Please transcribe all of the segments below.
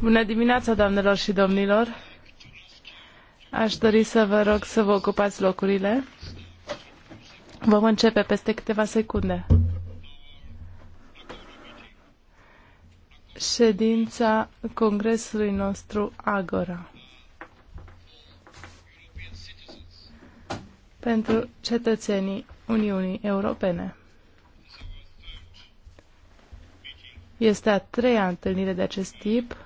Bună dimineața, doamnelor și domnilor. Aș dori să vă rog să vă ocupați locurile. Vom începe peste câteva secunde. Ședința Congresului nostru Agora. Pentru cetățenii Uniunii Europene. Este a treia întâlnire de acest tip.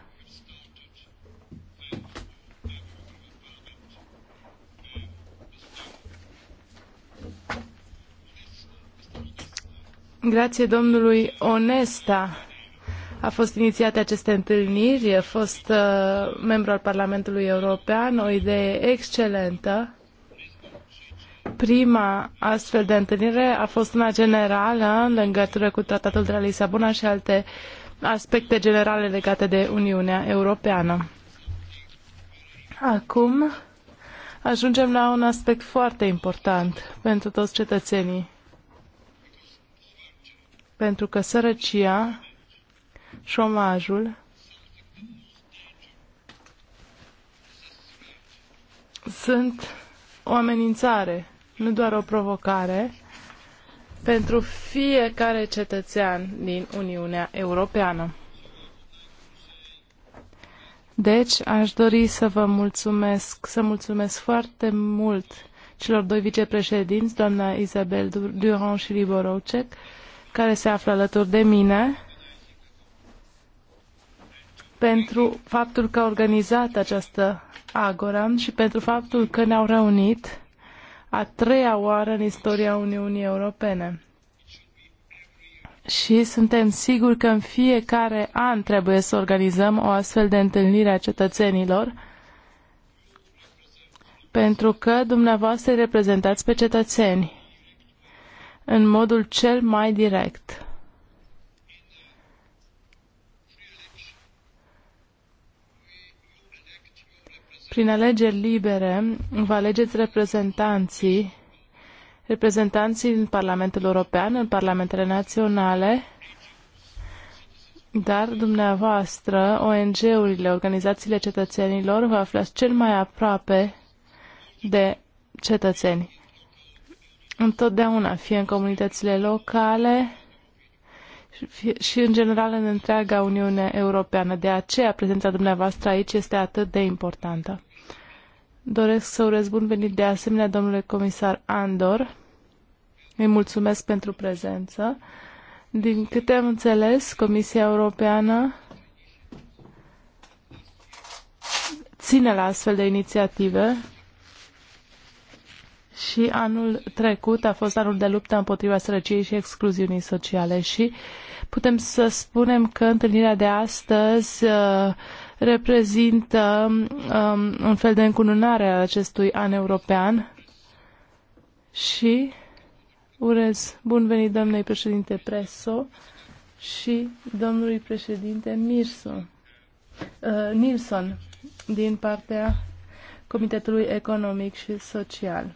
Grație domnului Onesta a fost inițiate aceste întâlniri, a fost uh, membru al Parlamentului European, o idee excelentă. Prima astfel de întâlnire a fost una generală în legătură cu Tratatul de la Lisabona și alte aspecte generale legate de Uniunea Europeană. Acum ajungem la un aspect foarte important pentru toți cetățenii. Pentru că sărăcia, șomajul, sunt o amenințare, nu doar o provocare pentru fiecare cetățean din Uniunea Europeană. Deci, aș dori să vă mulțumesc, să mulțumesc foarte mult celor doi vicepreședinți, doamna Isabel Durand și Libor care se află alături de mine pentru faptul că a organizat această agora și pentru faptul că ne-au reunit a treia oară în istoria Uniunii Europene. Și suntem siguri că în fiecare an trebuie să organizăm o astfel de întâlnire a cetățenilor, pentru că dumneavoastră îi reprezentați pe cetățeni în modul cel mai direct. prin alegeri libere vă alegeți reprezentanții, reprezentanții în Parlamentul European, în Parlamentele Naționale, dar dumneavoastră, ONG-urile, organizațiile cetățenilor, vă aflați cel mai aproape de cetățeni. Întotdeauna, fie în comunitățile locale fie, și în general în întreaga Uniune Europeană. De aceea, prezența dumneavoastră aici este atât de importantă. Doresc să urez bun venit de asemenea domnule comisar Andor. Îi mulțumesc pentru prezență. Din câte am înțeles, Comisia Europeană ține la astfel de inițiative și anul trecut a fost anul de luptă împotriva sărăciei și excluziunii sociale și putem să spunem că întâlnirea de astăzi uh, reprezintă um, un fel de încununare a acestui an european și urez bun venit doamnei președinte Preso și domnului președinte Mirson, uh, Nilsson din partea Comitetului Economic și Social.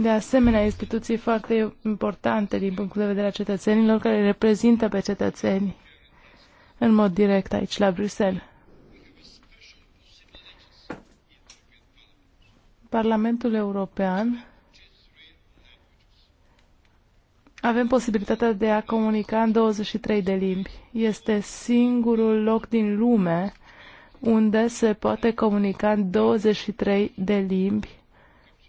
de asemenea instituții foarte importante din punctul de vedere a cetățenilor care reprezintă pe cetățeni în mod direct aici la Bruxelles. Parlamentul European avem posibilitatea de a comunica în 23 de limbi. Este singurul loc din lume unde se poate comunica în 23 de limbi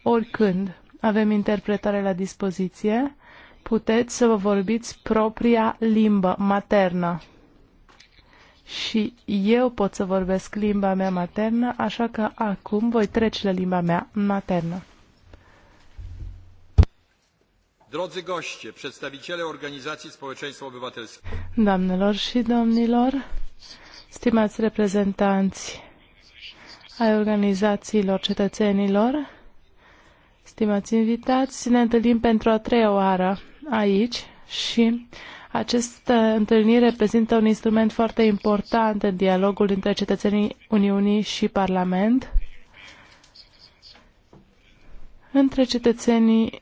oricând. Avem interpretare la dispoziție. Puteți să vă vorbiți propria limbă maternă. Și eu pot să vorbesc limba mea maternă, așa că acum voi trece la limba mea maternă. Drodzy goście, przedstawiciele organizacji społeczeństwa obywatelskiego. Doamnelor și domnilor, stimați reprezentanți ai organizațiilor cetățenilor, stimați invitați, ne întâlnim pentru a treia oară aici și această întâlnire reprezintă un instrument foarte important în dialogul dintre cetățenii Uniunii și Parlament, între cetățenii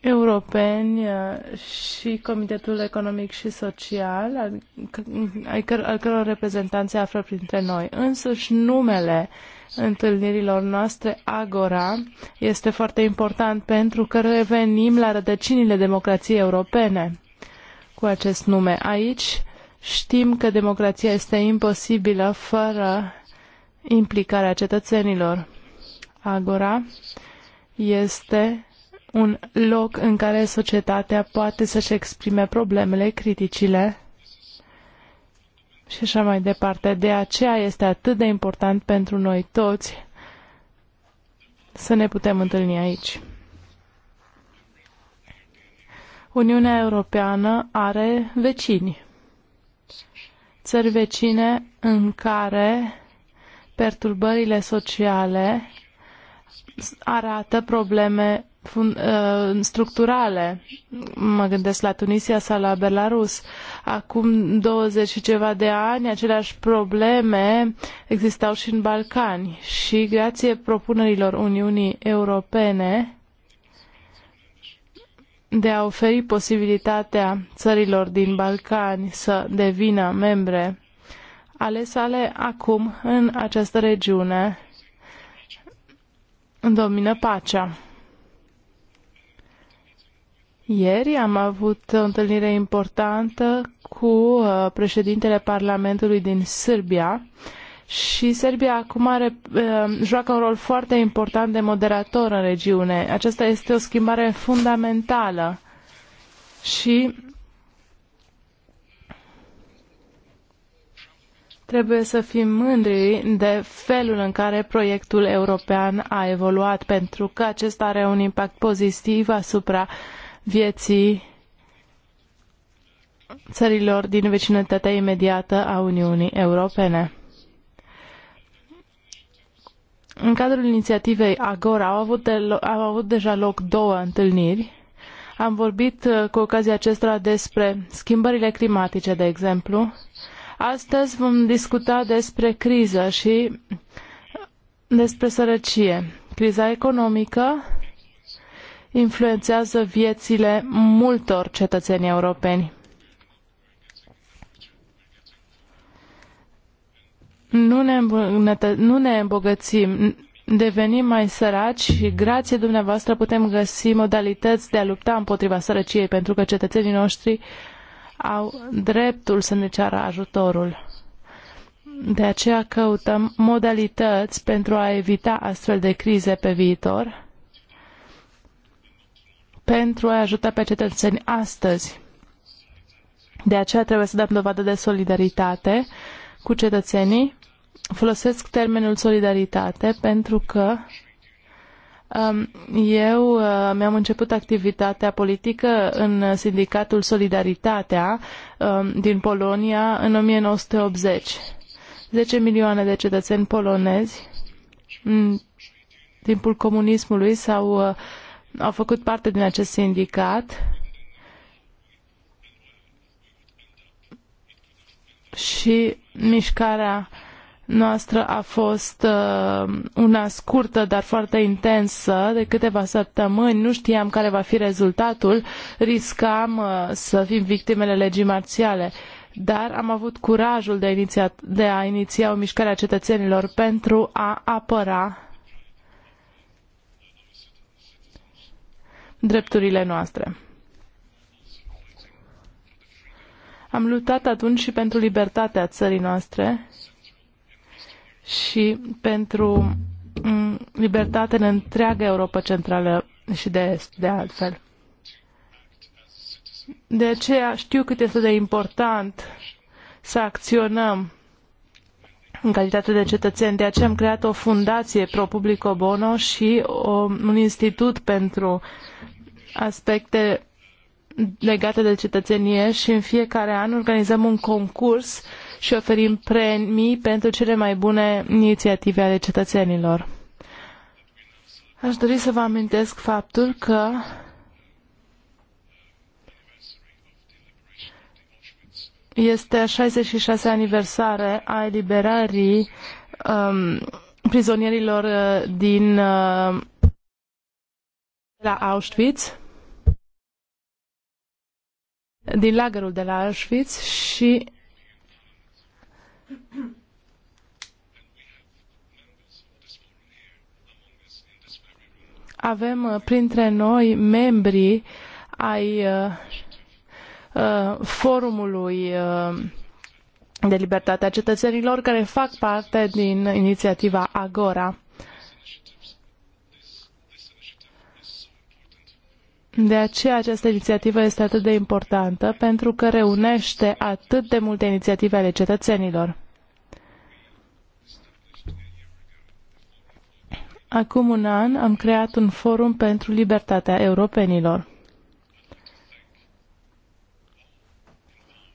europeni uh, și Comitetul Economic și Social, al, căror reprezentanți află printre noi. Însuși numele uh, întâlnirilor noastre, Agora, este foarte important pentru că revenim la rădăcinile democrației europene cu acest nume. Aici știm că democrația este imposibilă fără implicarea cetățenilor. Agora este un loc în care societatea poate să-și exprime problemele, criticile și așa mai departe. De aceea este atât de important pentru noi toți să ne putem întâlni aici. Uniunea Europeană are vecini. Țări vecine în care perturbările sociale arată probleme ă, structurale. Mă gândesc la Tunisia sau la Belarus. Acum 20 și ceva de ani, aceleași probleme existau și în Balcani și grație propunerilor Uniunii Europene de a oferi posibilitatea țărilor din Balcani să devină membre ale sale acum în această regiune domină pacea. Ieri am avut o întâlnire importantă cu uh, președintele Parlamentului din Serbia și Serbia acum are, uh, joacă un rol foarte important de moderator în regiune. Aceasta este o schimbare fundamentală și Trebuie să fim mândri de felul în care proiectul european a evoluat, pentru că acesta are un impact pozitiv asupra uh, vieții țărilor din vecinătatea imediată a Uniunii Europene. În cadrul inițiativei Agora au avut, de, au avut deja loc două întâlniri. Am vorbit uh, cu ocazia acestora despre schimbările climatice, de exemplu. Astăzi vom discuta despre criză și uh, despre sărăcie. Criza economică influențează viețile multor cetățeni europeni. Nu ne, nu ne îmbogățim, devenim mai săraci și grație dumneavoastră putem găsi modalități de a lupta împotriva sărăciei, pentru că cetățenii noștri au dreptul să ne ceară ajutorul. De aceea căutăm modalități pentru a evita astfel de crize pe viitor pentru a ajuta pe cetățeni astăzi. De aceea trebuie să dăm dovadă de solidaritate cu cetățenii. Folosesc termenul solidaritate pentru că um, eu uh, mi-am început activitatea politică în sindicatul Solidaritatea um, din Polonia în 1980. 10 milioane de cetățeni polonezi în timpul comunismului s-au uh, au făcut parte din acest sindicat și mișcarea noastră a fost uh, una scurtă, dar foarte intensă, de câteva săptămâni. Nu știam care va fi rezultatul, riscam uh, să fim victimele legii marțiale. Dar am avut curajul de, iniția, de a iniția o mișcare a cetățenilor pentru a apăra drepturile noastre. Am luptat atunci și pentru libertatea țării noastre și pentru libertate în întreaga Europa Centrală și de Est, de altfel. De aceea știu cât este de important să acționăm în calitate de cetățeni. De aceea am creat o fundație pro publico bono și o, un institut pentru uh, aspecte legate de cetățenie și în fiecare an organizăm un concurs și oferim premii pentru cele mai bune inițiative ale cetățenilor. Aș dori să vă amintesc faptul că este 66 aniversare a eliberării um, prizonierilor uh, din uh, la Auschwitz din lagărul de la Auschwitz și avem uh, printre noi membri ai uh, uh forumului uh, de libertatea cetățenilor care fac parte din inițiativa Agora. De aceea această inițiativă este atât de importantă pentru că reunește atât de multe inițiative ale cetățenilor. Acum un an am creat un forum pentru libertatea europenilor.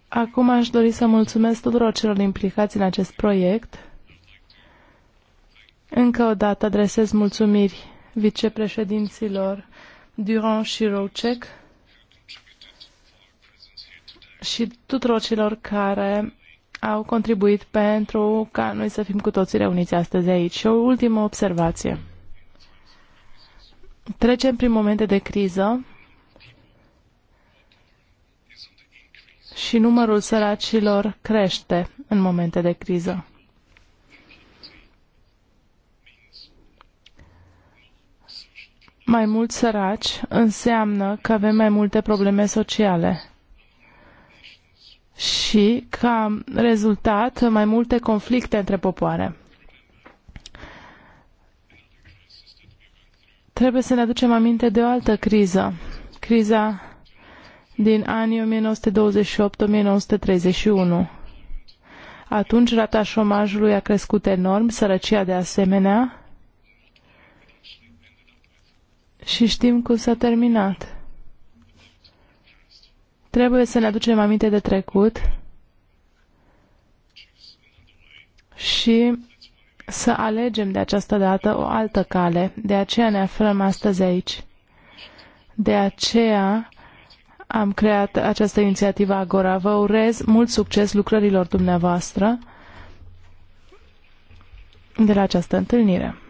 Acum aș dori să mulțumesc tuturor celor implicați în acest proiect. Încă o dată adresez mulțumiri vicepreședinților Durand și Rocek și tuturor celor care au contribuit pentru ca noi să fim cu toții reuniți astăzi aici. Și o ultimă observație. Trecem prin momente de criză și numărul săracilor crește în momente de criză. mai mulți săraci înseamnă că avem mai multe probleme sociale și, ca rezultat, mai multe conflicte între popoare. Trebuie să ne aducem aminte de o altă criză, criza din anii 1928-1931. Atunci rata șomajului a crescut enorm, sărăcia de asemenea, și știm cum s-a terminat. Trebuie să ne aducem aminte de trecut și să alegem de această dată o altă cale. De aceea ne aflăm astăzi aici. De aceea am creat această inițiativă Agora. Vă urez mult succes lucrărilor dumneavoastră de la această întâlnire.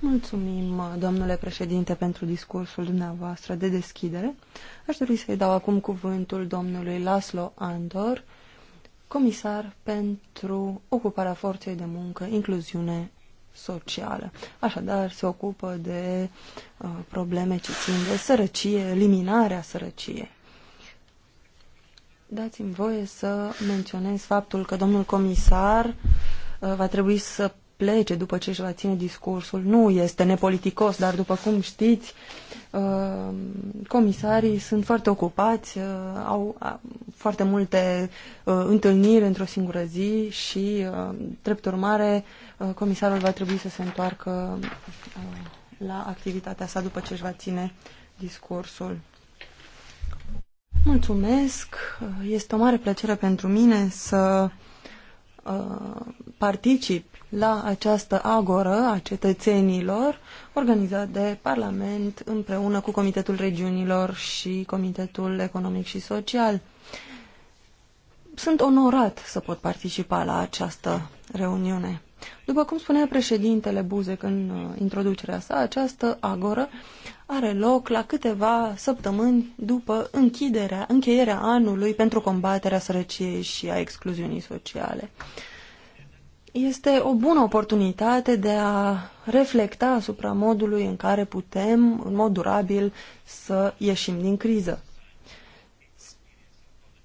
Mulțumim, domnule președinte, pentru discursul dumneavoastră de deschidere. Aș dori să-i dau acum cuvântul domnului Laszlo Andor, comisar pentru ocuparea forței de muncă, incluziune socială. Așadar, se ocupă de uh, probleme ce țin de sărăcie, eliminarea sărăciei. Dați-mi voie să menționez faptul că domnul comisar uh, Uh, va trebui să plece după ce își va ține discursul. Nu este nepoliticos, dar după cum știți, uh, comisarii sunt foarte ocupați, uh, au foarte multe întâlniri într-o singură zi și, drept urmare, comisarul va trebui să se întoarcă la activitatea sa după ce își va ține discursul. Mulțumesc! Este o mare plăcere pentru mine să particip la această agoră a cetățenilor organizat de Parlament împreună cu Comitetul Regiunilor și Comitetul Economic și Social. Sunt onorat să pot participa la această reuniune. După cum spunea președintele Buzek în uh, introducerea sa, această agoră are loc la câteva săptămâni după închiderea, încheierea anului pentru combaterea sărăciei și a excluziunii sociale. Este o bună oportunitate de a reflecta asupra modului în care putem, în mod durabil, să ieșim din criză.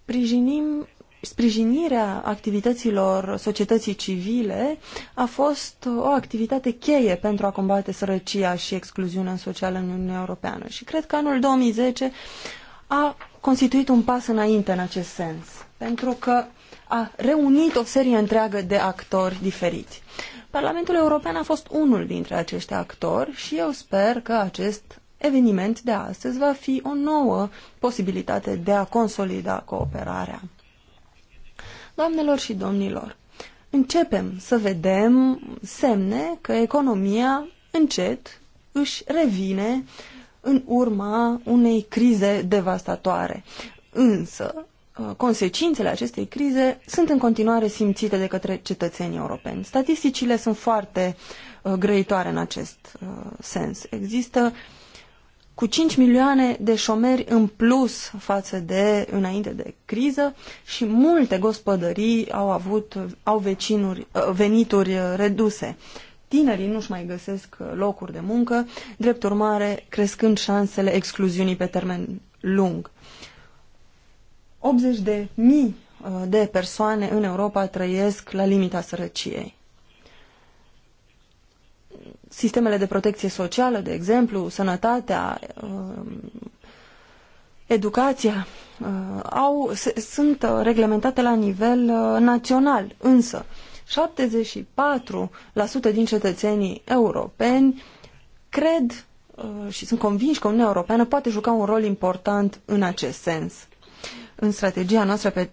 Sprijinim sprijinirea activităților societății civile a fost o activitate cheie pentru a combate sărăcia și excluziunea socială în Uniunea Europeană. Și cred că anul 2010 a constituit un pas înainte în acest sens, pentru că a reunit o serie întreagă de actori diferiți. Parlamentul European a fost unul dintre acești actori și eu sper că acest eveniment de astăzi va fi o nouă posibilitate de a consolida cooperarea. Doamnelor și domnilor, începem să vedem semne că economia încet își revine în urma unei crize devastatoare. Însă, ă, consecințele acestei crize sunt în continuare simțite de către cetățenii europeni. Statisticile sunt foarte ă, grăitoare în acest ă, sens. Există uh, cu 5 milioane de șomeri în plus față de înainte de criză și multe gospodării au avut au vecinuri, uh, venituri uh, reduse. Tinerii nu-și mai găsesc uh, locuri de muncă, drept urmare crescând șansele excluziunii pe termen lung. 80 de mii de persoane în Europa trăiesc la limita sărăciei sistemele de protecție socială, de exemplu, sănătatea, um, educația, uh, au, sunt uh, reglementate la nivel uh, național, însă 74% din cetățenii europeni cred și sunt convinși că Uniunea Europeană poate juca un rol important în acest sens. În strategia noastră pe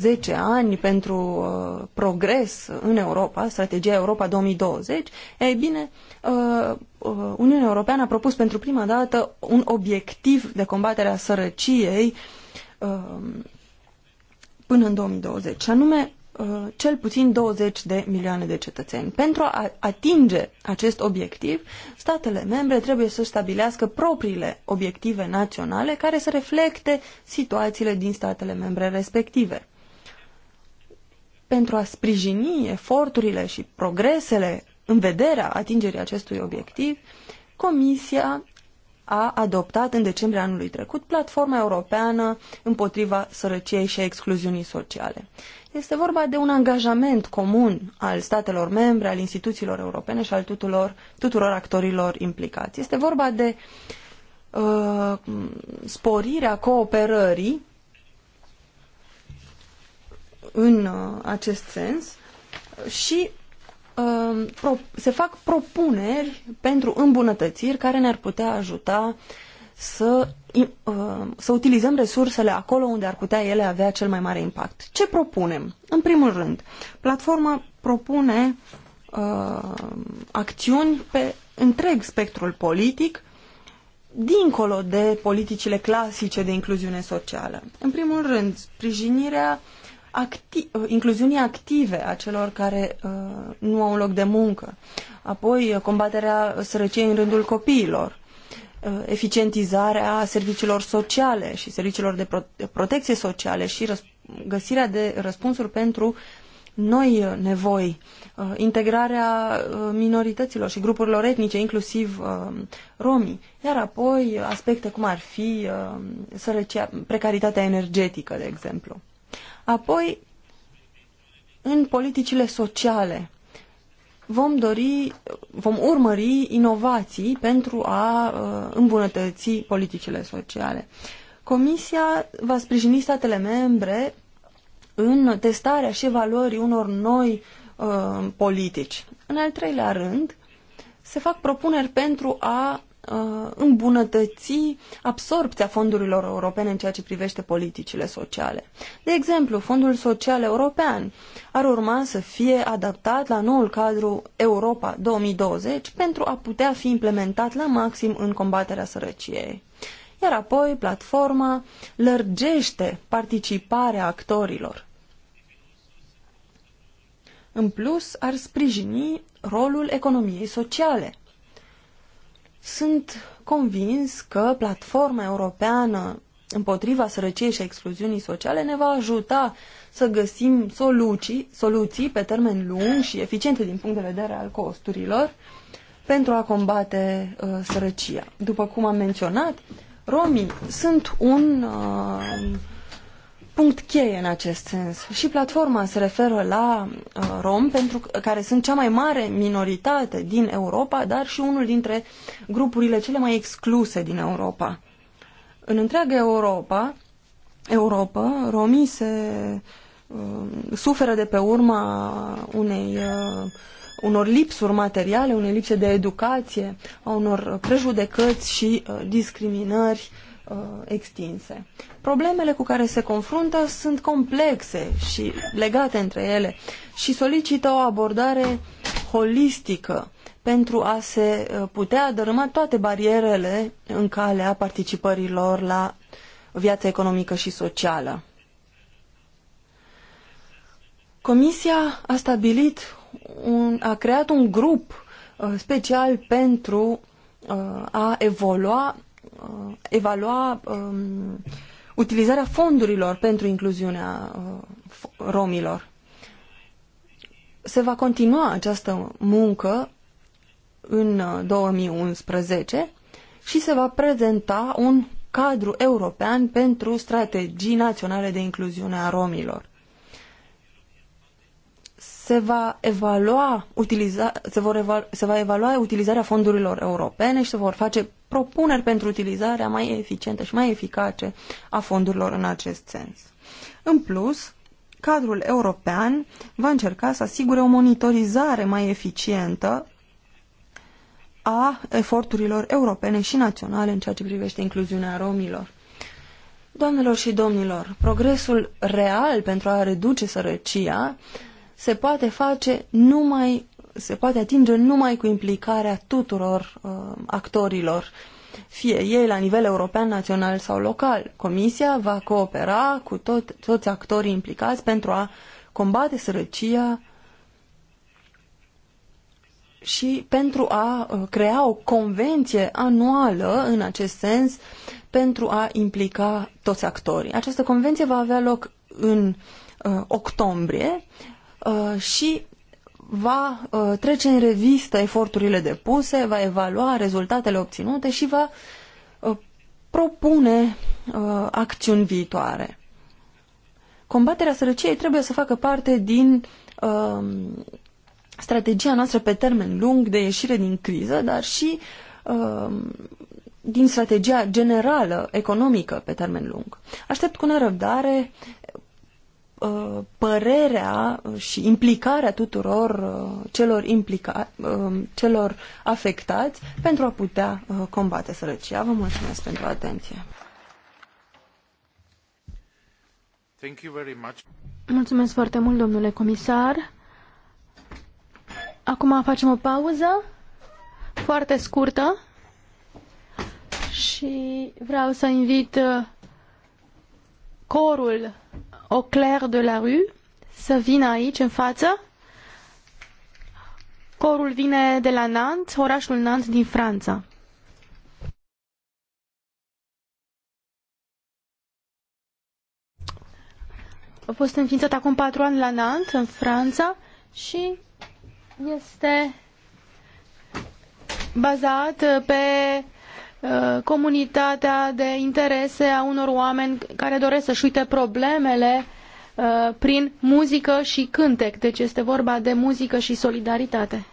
10 ani pentru uh, progres în Europa, strategia Europa 2020, ei bine, uh, uh, Uniunea Europeană a propus pentru prima dată un obiectiv de combatere a sărăciei uh, până în 2020, și anume uh, cel puțin 20 de milioane de cetățeni. Pentru a atinge acest obiectiv, statele membre trebuie să stabilească propriile obiective naționale care să reflecte situațiile din statele membre respective pentru a sprijini eforturile și progresele în vederea atingerii acestui obiectiv, Comisia a adoptat în decembrie anului trecut Platforma Europeană împotriva sărăciei și a excluziunii sociale. Este vorba de un angajament comun al statelor membre, al instituțiilor europene și al tuturor, tuturor actorilor implicați. Este vorba de uh, sporirea cooperării în uh, acest sens și um, se fac propuneri pentru îmbunătățiri care ne-ar putea ajuta să, uh, să utilizăm resursele acolo unde ar putea ele avea cel mai mare impact. Ce propunem? În primul rând, platforma propune uh, acțiuni pe întreg spectrul politic, dincolo de politicile clasice de incluziune socială. În primul rând, sprijinirea uh, acti- uh, incluziunii active a celor care uh, nu au loc de muncă, apoi uh, combaterea sărăciei în rândul copiilor, uh, eficientizarea serviciilor sociale și serviciilor de, pro- de protecție sociale și găsirea de răspunsuri pentru noi uh, nevoi, integrarea minorităților și grupurilor etnice, inclusiv romii, iar apoi aspecte cum ar fi sărăcia, precaritatea energetică, de exemplu. Apoi, în politicile sociale, vom dori, vom urmări inovații pentru a uh, îmbunătăți politicile sociale. Comisia va sprijini statele membre în testarea și evaluării unor noi uh, politici. În al treilea rând, se fac propuneri pentru a Uh, îmbunătăți absorpția fondurilor europene în ceea ce privește politicile sociale. De exemplu, Fondul Social European ar urma să fie adaptat la noul cadru Europa 2020 pentru a putea fi implementat la maxim în combaterea sărăciei. Iar apoi, platforma lărgește participarea actorilor. În plus, ar sprijini rolul economiei sociale – sunt convins că platforma europeană împotriva sărăciei și excluziunii sociale ne va ajuta să găsim soluții, soluții pe termen lung și eficiente din punct de vedere al costurilor pentru a combate uh, sărăcia. După cum am menționat, romii sunt un uh, punct cheie în acest sens. Și platforma se referă la uh, rom, pentru care sunt cea mai mare minoritate din Europa, dar și unul dintre grupurile cele mai excluse din Europa. În întreaga Europa, Europa, romii se uh, suferă de pe urma unei uh, unor lipsuri materiale, unei lipse de educație, a unor prejudecăți și uh, discriminări uh, uh, extinse. Problemele cu care se confruntă sunt complexe și legate între ele și solicită o abordare holistică pentru a se uh, putea dărâma toate barierele în calea participărilor la viața economică și socială. Comisia a stabilit, un, a creat un grup uh, special pentru uh, a evolua Uh, evalua um, utilizarea fondurilor pentru incluziunea uh, romilor. Se va continua această muncă în 2011 uh, și se va prezenta un cadru european pentru strategii naționale de incluziune a romilor se va evalua, utiliza, se, vor evalua, se va evalua utilizarea fondurilor europene și se vor face propuneri pentru utilizarea mai eficientă și mai eficace a fondurilor în acest sens. În plus, cadrul european va încerca să asigure o monitorizare mai eficientă a eforturilor europene și naționale în ceea ce privește incluziunea romilor. Doamnelor și domnilor, progresul real pentru a reduce sărăcia se poate face numai, se poate atinge numai cu implicarea tuturor uh, actorilor, fie ei la nivel european, național sau local. Comisia va coopera cu tot, toți actorii implicați pentru a combate sărăcia și pentru a uh, crea o convenție anuală în acest sens pentru a implica toți actorii. Această convenție va avea loc în uh, octombrie Uh, și va uh, trece în revistă eforturile depuse, va evalua rezultatele obținute și va uh, propune acțiuni viitoare. Combaterea sărăciei trebuie să facă parte din strategia noastră pe termen lung de ieșire din criză, dar și din strategia generală economică pe termen lung. Aștept cu nerăbdare Uh, părerea și implicarea tuturor uh, celor, implica, um, celor afectați pentru a putea uh, combate sărăcia. Vă mulțumesc pentru atenție. Thank you very much. Mulțumesc foarte mult, domnule comisar. Acum facem o pauză foarte scurtă și vreau să invit corul au clair de la rue să vină aici în față. Corul vine de la Nantes, orașul Nantes din Franța. A fost înființat acum patru ani la Nantes, în Franța, și este bazat pe Uh, comunitatea de interese a unor oameni care doresc să-și uite problemele uh, prin muzică și cântec. Deci este vorba de muzică și solidaritate.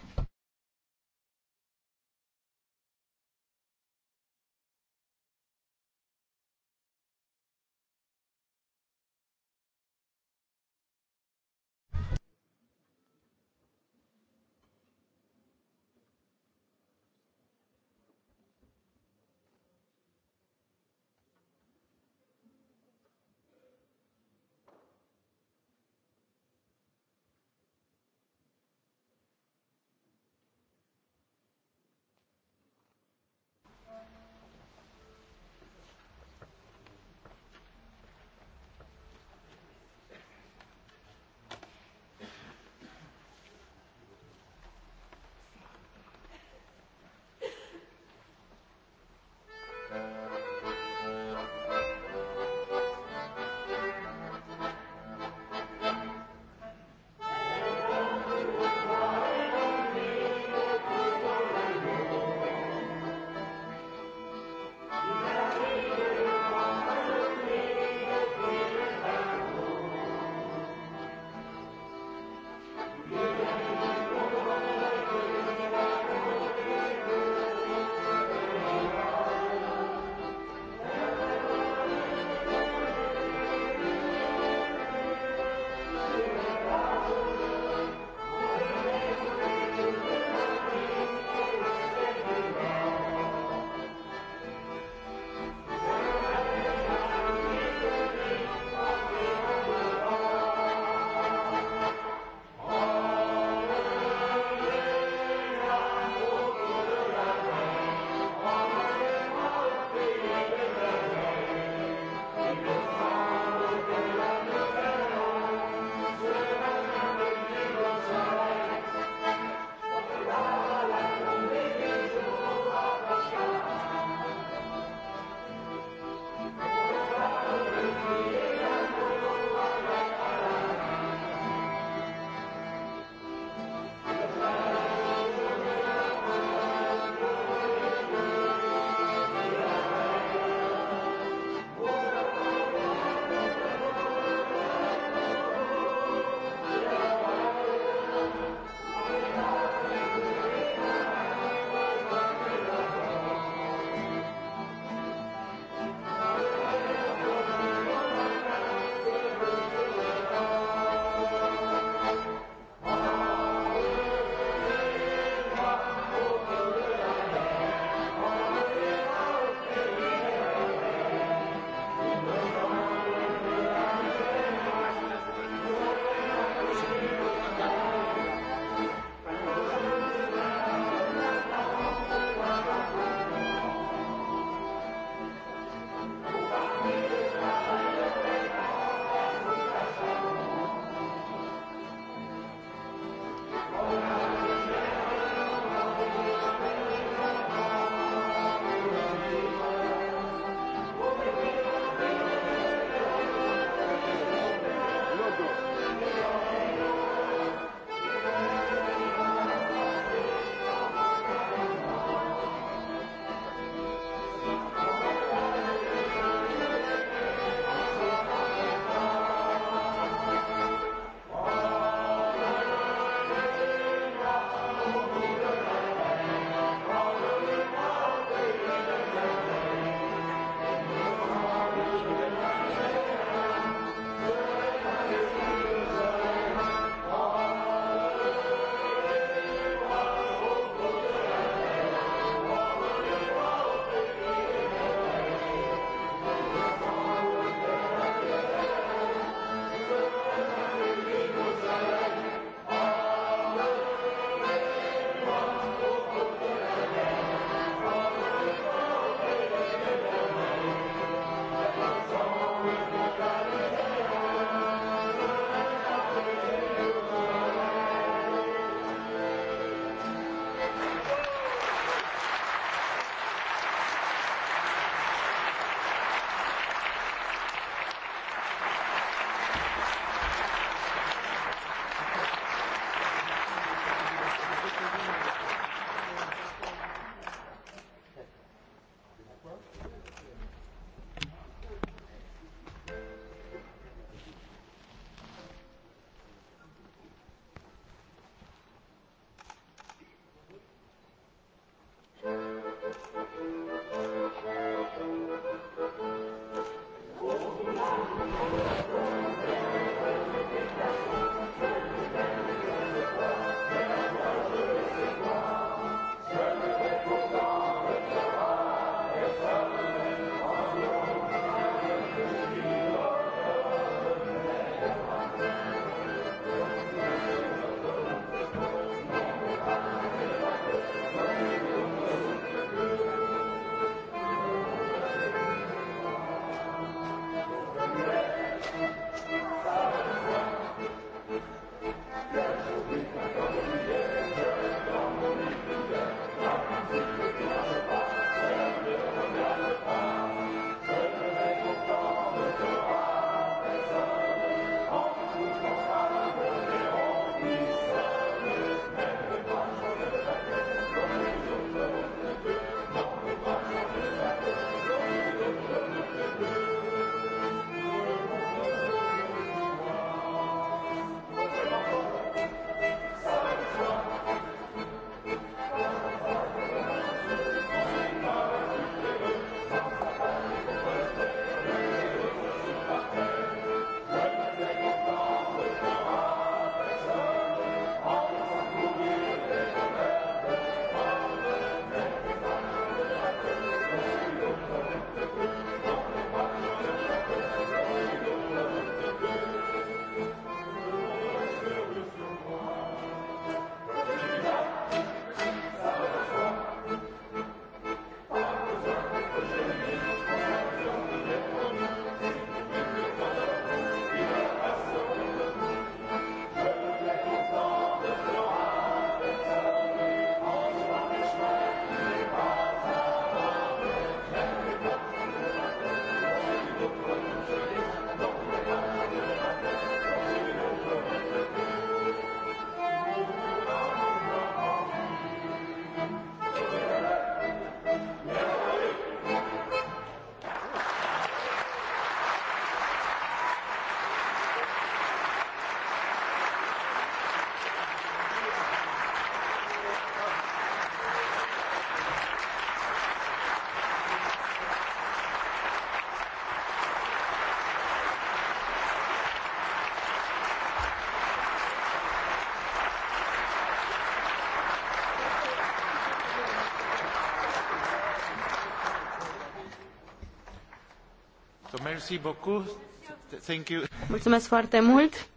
Mulțumesc foarte mult.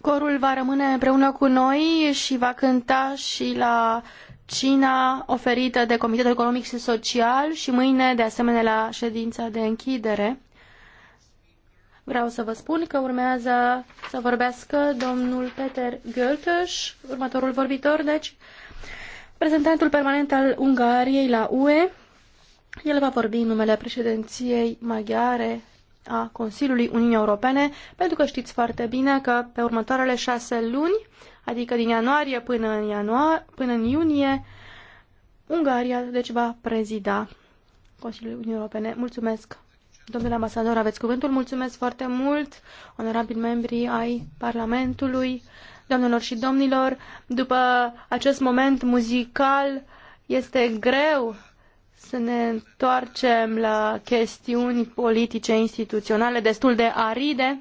Corul va rămâne împreună cu noi și va cânta și la cina oferită de Comitetul Economic și Social și mâine, de asemenea, la ședința de închidere. Vreau să vă spun că urmează să vorbească domnul Peter Göltöș, următorul vorbitor, deci reprezentantul permanent al Ungariei la UE. El va vorbi în numele președinției maghiare a Consiliului Uniunii Europene, pentru că știți foarte bine că pe următoarele șase luni, adică din ianuarie până în, ianuar, până în iunie, Ungaria deci va prezida Consiliul Uniunii Europene. Mulțumesc Domnule ambasador, aveți cuvântul. Mulțumesc foarte mult, onorabili membri ai Parlamentului, doamnelor și domnilor. După acest moment muzical, este greu să ne întoarcem la chestiuni politice instituționale destul de aride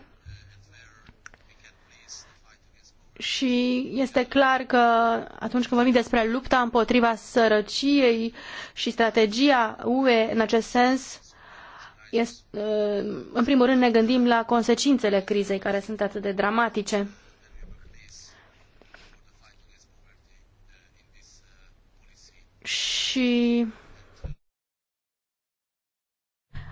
și este clar că atunci când vorbim despre lupta împotriva sărăciei și strategia UE în acest sens, Uh, în primul rând ne gândim la consecințele crizei care sunt atât de dramatice. Și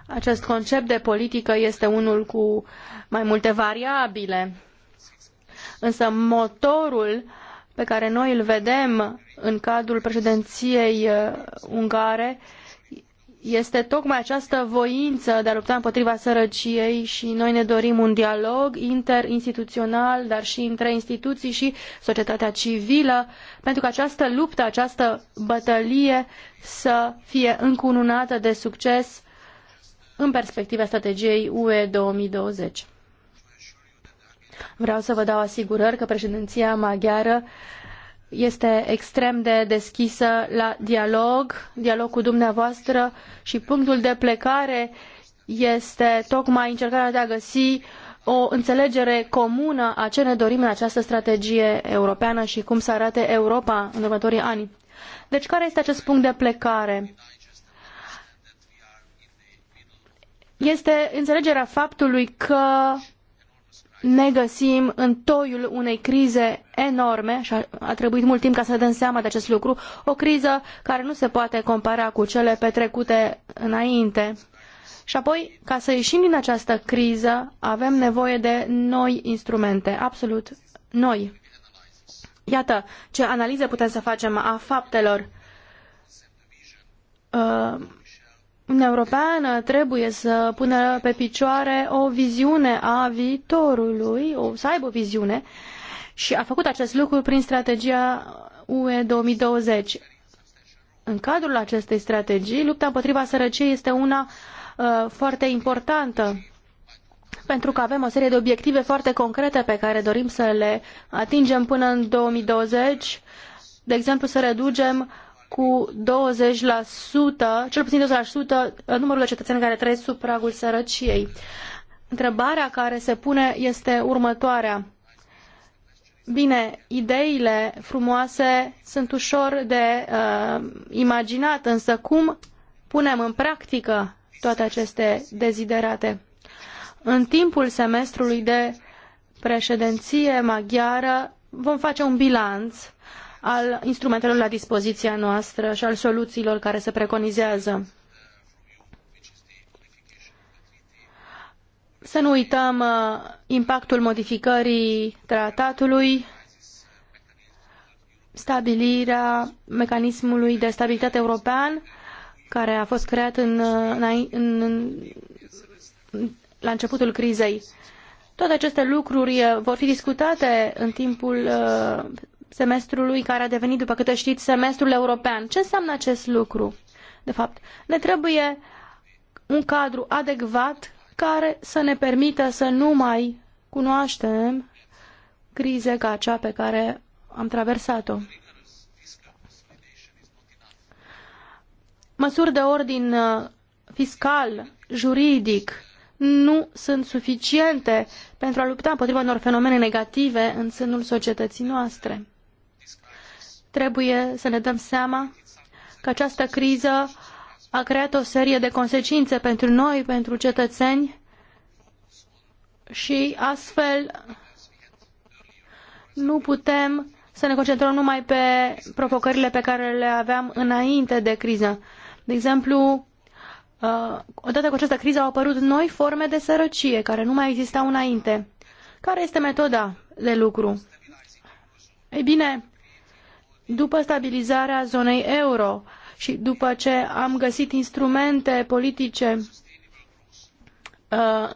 acest concept de politică este unul cu mai multe variabile. Însă motorul pe care noi îl vedem în cadrul președinției uh, ungare uh, este tocmai această voință de a lupta împotriva sărăciei și noi ne dorim un dialog interinstituțional, dar și între instituții și societatea civilă, pentru că această luptă, această bătălie să fie încununată de succes în perspectiva strategiei UE 2020. Vreau să vă dau asigurări că președinția maghiară este extrem de deschisă la dialog, dialog cu dumneavoastră și punctul de plecare este tocmai încercarea de a găsi o înțelegere comună a ce ne dorim în această strategie europeană și cum să arate Europa în următorii ani. Deci care este acest punct de plecare? Este înțelegerea faptului că ne găsim în toiul unei crize enorme și a, a trebuit mult timp ca să ne dăm seama de acest lucru, o criză care nu se poate compara cu cele petrecute înainte. Și apoi, ca să ieșim din această criză, avem nevoie de noi instrumente, absolut noi. Iată ce analize putem să facem a faptelor. Uh, Uniunea Europeană trebuie să pună pe picioare o viziune a viitorului, o, să aibă o viziune și a făcut acest lucru prin strategia UE 2020. În cadrul acestei strategii, lupta împotriva sărăciei este una uh, foarte importantă pentru că avem o serie de obiective foarte concrete pe care dorim să le atingem până în 2020, de exemplu să reducem cu 20%, cel puțin 20% numărul de cetățeni care trăiesc sub pragul sărăciei. Întrebarea care se pune este următoarea. Bine, ideile frumoase sunt ușor de uh, imaginat, însă cum punem în practică toate aceste deziderate? În timpul semestrului de președinție maghiară vom face un bilanț al instrumentelor la dispoziția noastră și al soluțiilor care se preconizează. Să nu uităm uh, impactul modificării tratatului, stabilirea mecanismului de stabilitate european, care a fost creat în, uh, în, în, la începutul crizei. Toate aceste lucruri uh, vor fi discutate în timpul semestrului care a devenit, după câte știți, semestrul european. Ce înseamnă acest lucru? De fapt, ne trebuie un cadru adecvat care să ne permită să nu mai cunoaștem crize ca cea pe care am traversat-o. Măsuri de ordin uh, fiscal, juridic, nu sunt suficiente pentru a lupta împotriva unor fenomene negative în sânul societății noastre. Trebuie să ne dăm seama că această criză a creat o serie de consecințe pentru noi, pentru cetățeni și astfel nu putem să ne concentrăm numai pe provocările pe care le aveam înainte de criză. De exemplu, uh, odată cu această criză au apărut noi forme de sărăcie care nu mai existau înainte. Care este metoda de lucru? Ei bine, după stabilizarea zonei euro și după ce am găsit instrumente politice uh,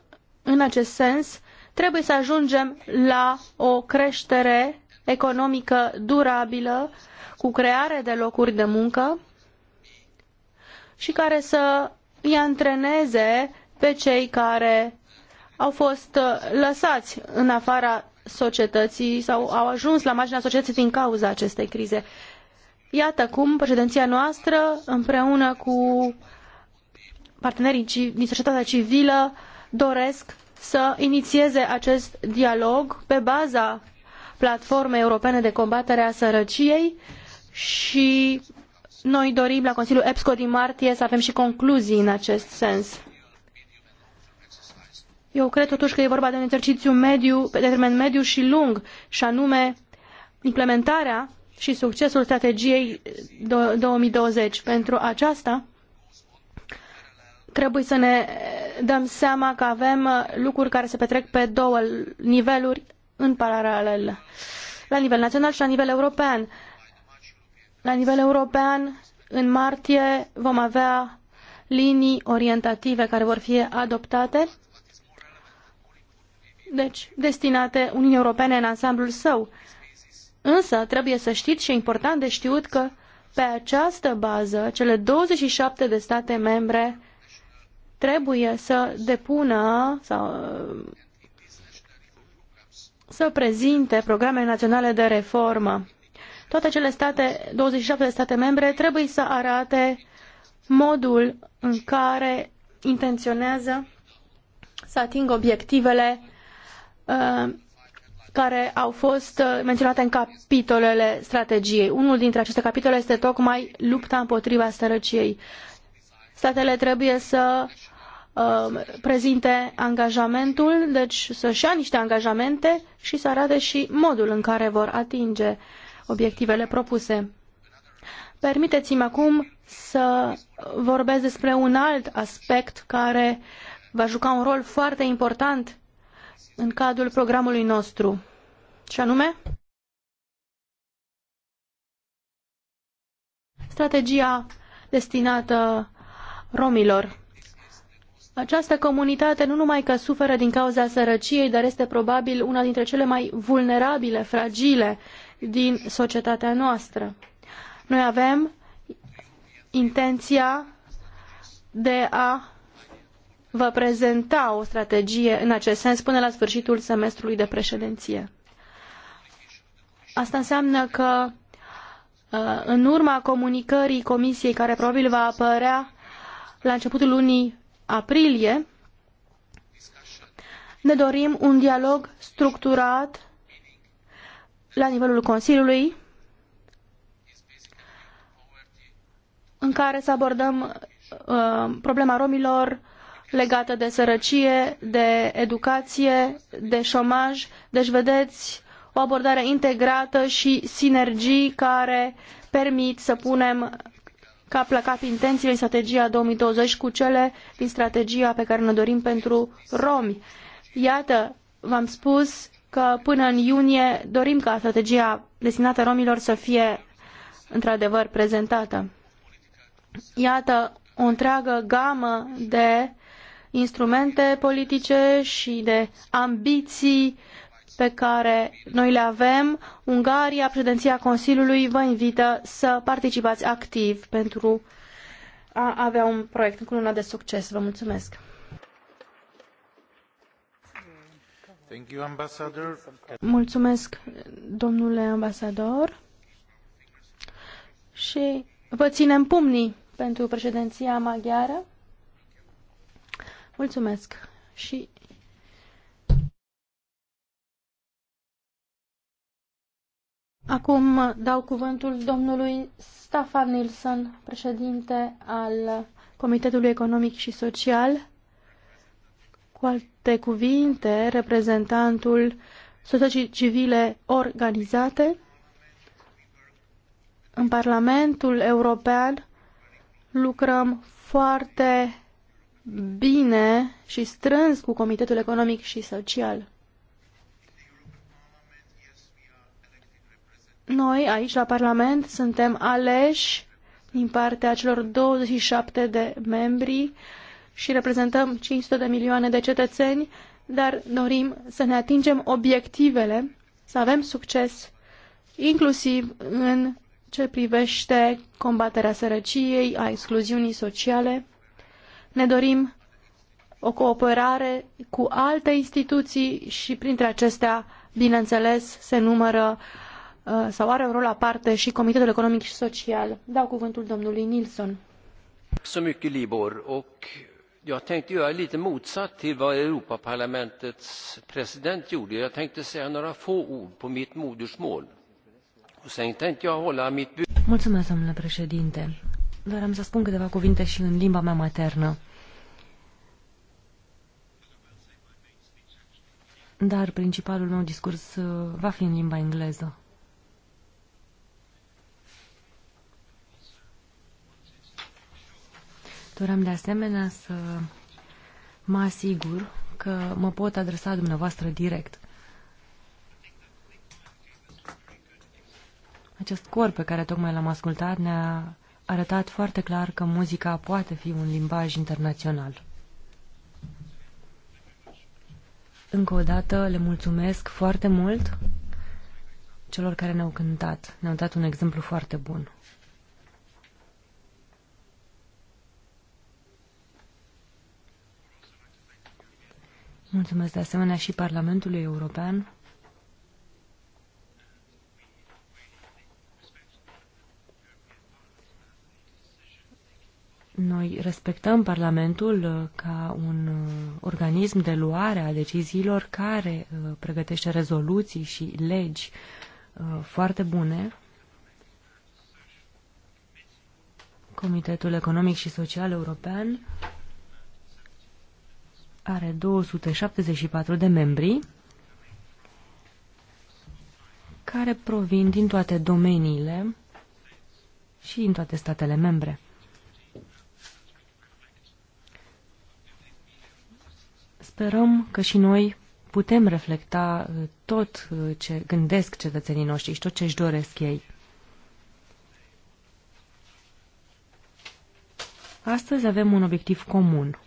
în acest sens, trebuie să ajungem la o creștere economică durabilă cu creare de locuri de muncă și care să îi antreneze pe cei care au fost uh, lăsați în afara societății sau au ajuns la marginea societății din cauza acestei crize. Iată cum președinția noastră, împreună cu partenerii din societatea civilă, doresc să inițieze acest dialog pe baza platformei europene de combatere a sărăciei și noi dorim la Consiliul EPSCO din martie să avem și concluzii în acest sens. Eu cred totuși că e vorba de un exercițiu mediu, pe termen mediu și lung, și anume implementarea și succesul strategiei 2020. Pentru aceasta trebuie să ne dăm seama că avem lucruri care se petrec pe două niveluri în paralel, la nivel național și la nivel european. La nivel european, în martie vom avea linii orientative care vor fi adoptate deci destinate Uniunii Europene în ansamblul său. Însă trebuie să știți și e important de știut că pe această bază cele 27 de state membre trebuie să depună sau să prezinte programe naționale de reformă. Toate cele state, 27 de state membre trebuie să arate modul în care intenționează să atingă obiectivele Uh, care au fost uh, menționate în capitolele strategiei. Unul dintre aceste capitole este tocmai lupta împotriva sărăciei. Statele trebuie să uh, prezinte angajamentul, deci să-și ia niște angajamente și să arate și modul în care vor atinge obiectivele propuse. Permiteți-mi acum să vorbesc despre un alt aspect care va juca un rol foarte important în cadrul programului nostru. Și anume? Strategia destinată romilor. Această comunitate nu numai că suferă din cauza sărăciei, dar este probabil una dintre cele mai vulnerabile, fragile din societatea noastră. Noi avem intenția de a va prezenta o strategie în acest sens până la sfârșitul semestrului de președinție. Asta înseamnă că uh, în urma comunicării comisiei care probabil va apărea la începutul lunii aprilie, ne dorim un dialog structurat la nivelul Consiliului în care să abordăm uh, problema romilor, legată de sărăcie, de educație, de șomaj. Deci, vedeți, o abordare integrată și sinergii care permit să punem cap la cap intențiile strategia 2020 cu cele din strategia pe care ne dorim pentru romi. Iată, v-am spus că până în iunie dorim ca strategia destinată romilor să fie într-adevăr prezentată. Iată o întreagă gamă de instrumente politice și de ambiții pe care noi le avem, Ungaria, președinția Consiliului, vă invită să participați activ pentru a avea un proiect cu un de succes. Vă mulțumesc! Mulțumesc, domnule ambasador. Și vă ținem pumnii pentru președinția maghiară. Mulțumesc și Acum dau cuvântul domnului Staffan Nilsson, președinte al Comitetului Economic și Social, cu alte cuvinte, reprezentantul societății civile organizate în Parlamentul European lucrăm foarte bine și strâns cu Comitetul Economic și Social. Noi, aici la Parlament, suntem aleși din partea celor 27 de membri și reprezentăm 500 de milioane de cetățeni, dar dorim să ne atingem obiectivele, să avem succes, inclusiv în ce privește combaterea sărăciei, a excluziunii sociale ne dorim o cooperare cu alte instituții și printre acestea, bineînțeles, se numără uh, sau are un rol aparte și Comitetul Economic și Social. Dau cuvântul domnului Nilsson. Să Libor jag tänkte göra lite motsatt till vad Europaparlamentets president gjorde. Jag tänkte säga några få ord på mitt modersmål. Och sen tänkte jag hålla mitt Mulțumesc, domnule președinte dar am să spun câteva cuvinte și în limba mea maternă. Dar principalul meu discurs uh, va fi în limba engleză. Doream de asemenea să mă asigur că mă pot adresa dumneavoastră direct. Acest corp pe care tocmai l-am ascultat ne-a arătat foarte clar că muzica poate fi un limbaj internațional. Încă o dată le mulțumesc foarte mult celor care ne-au cântat. Ne-au dat un exemplu foarte bun. Mulțumesc de asemenea și Parlamentului European Noi respectăm Parlamentul uh, ca un uh, organism de luare a deciziilor care uh, pregătește rezoluții și legi foarte bune. Comitetul Economic și Social European are 274 de membri care provin din toate domeniile și din toate statele membre. Sperăm că și noi putem reflecta uh, tot uh, ce gândesc cetățenii noștri și tot ce își doresc ei. Astăzi avem un obiectiv comun.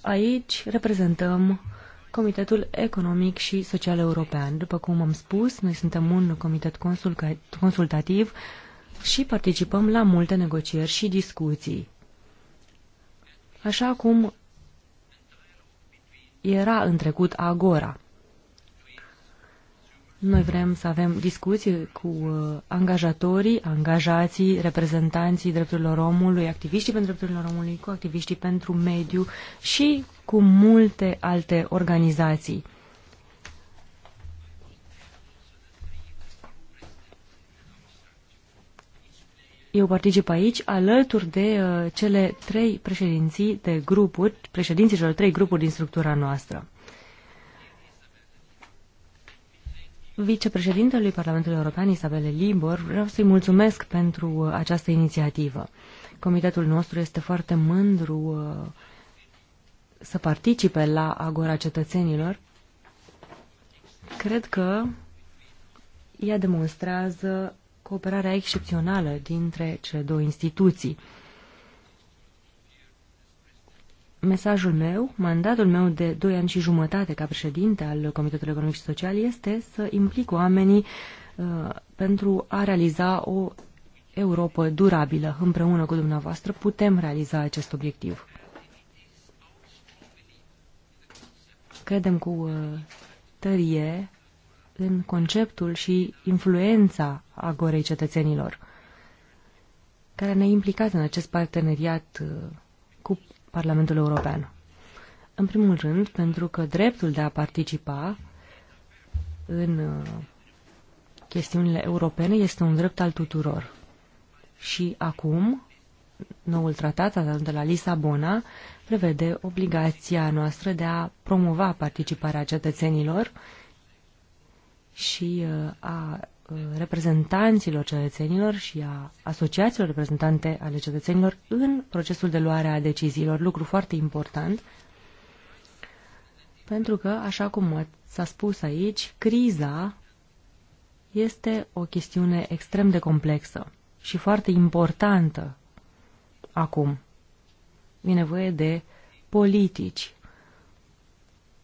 Aici reprezentăm Comitetul Economic și Social European. După cum am spus, noi suntem un comitet consultativ și participăm la multe negocieri și discuții. Așa cum era în trecut Agora. Noi vrem să avem discuții cu uh, angajatorii, angajații, reprezentanții drepturilor omului, activiștii pentru drepturile omului, cu activiștii pentru mediu și cu multe alte organizații. eu particip aici alături de uh, cele trei președinții de grupuri, președinții celor trei grupuri din structura noastră. Vicepreședintelui Parlamentului European, Isabelle Libor, vreau să-i mulțumesc pentru uh, această inițiativă. Comitetul nostru este foarte mândru uh, să participe la Agora Cetățenilor. Cred că ea demonstrează cooperarea excepțională dintre cele două instituții. Mesajul meu, mandatul meu de 2 ani și jumătate ca președinte al Comitetului Economic și Social este să implic oamenii uh, pentru a realiza o Europa durabilă. Împreună cu dumneavoastră putem realiza acest obiectiv. Credem cu uh, tărie în conceptul și influența agorei cetățenilor, care ne-a implicat în acest parteneriat uh, cu Parlamentul European. În primul rând, pentru că dreptul de a participa în uh, chestiunile europene este un drept al tuturor. Și acum, noul tratat de la Lisabona prevede obligația noastră de a promova participarea cetățenilor și uh, a uh, reprezentanților cetățenilor și a asociațiilor reprezentante ale cetățenilor în procesul de luare a deciziilor, lucru foarte important, pentru că, așa cum s-a spus aici, criza este o chestiune extrem de complexă și foarte importantă acum. E nevoie de politici,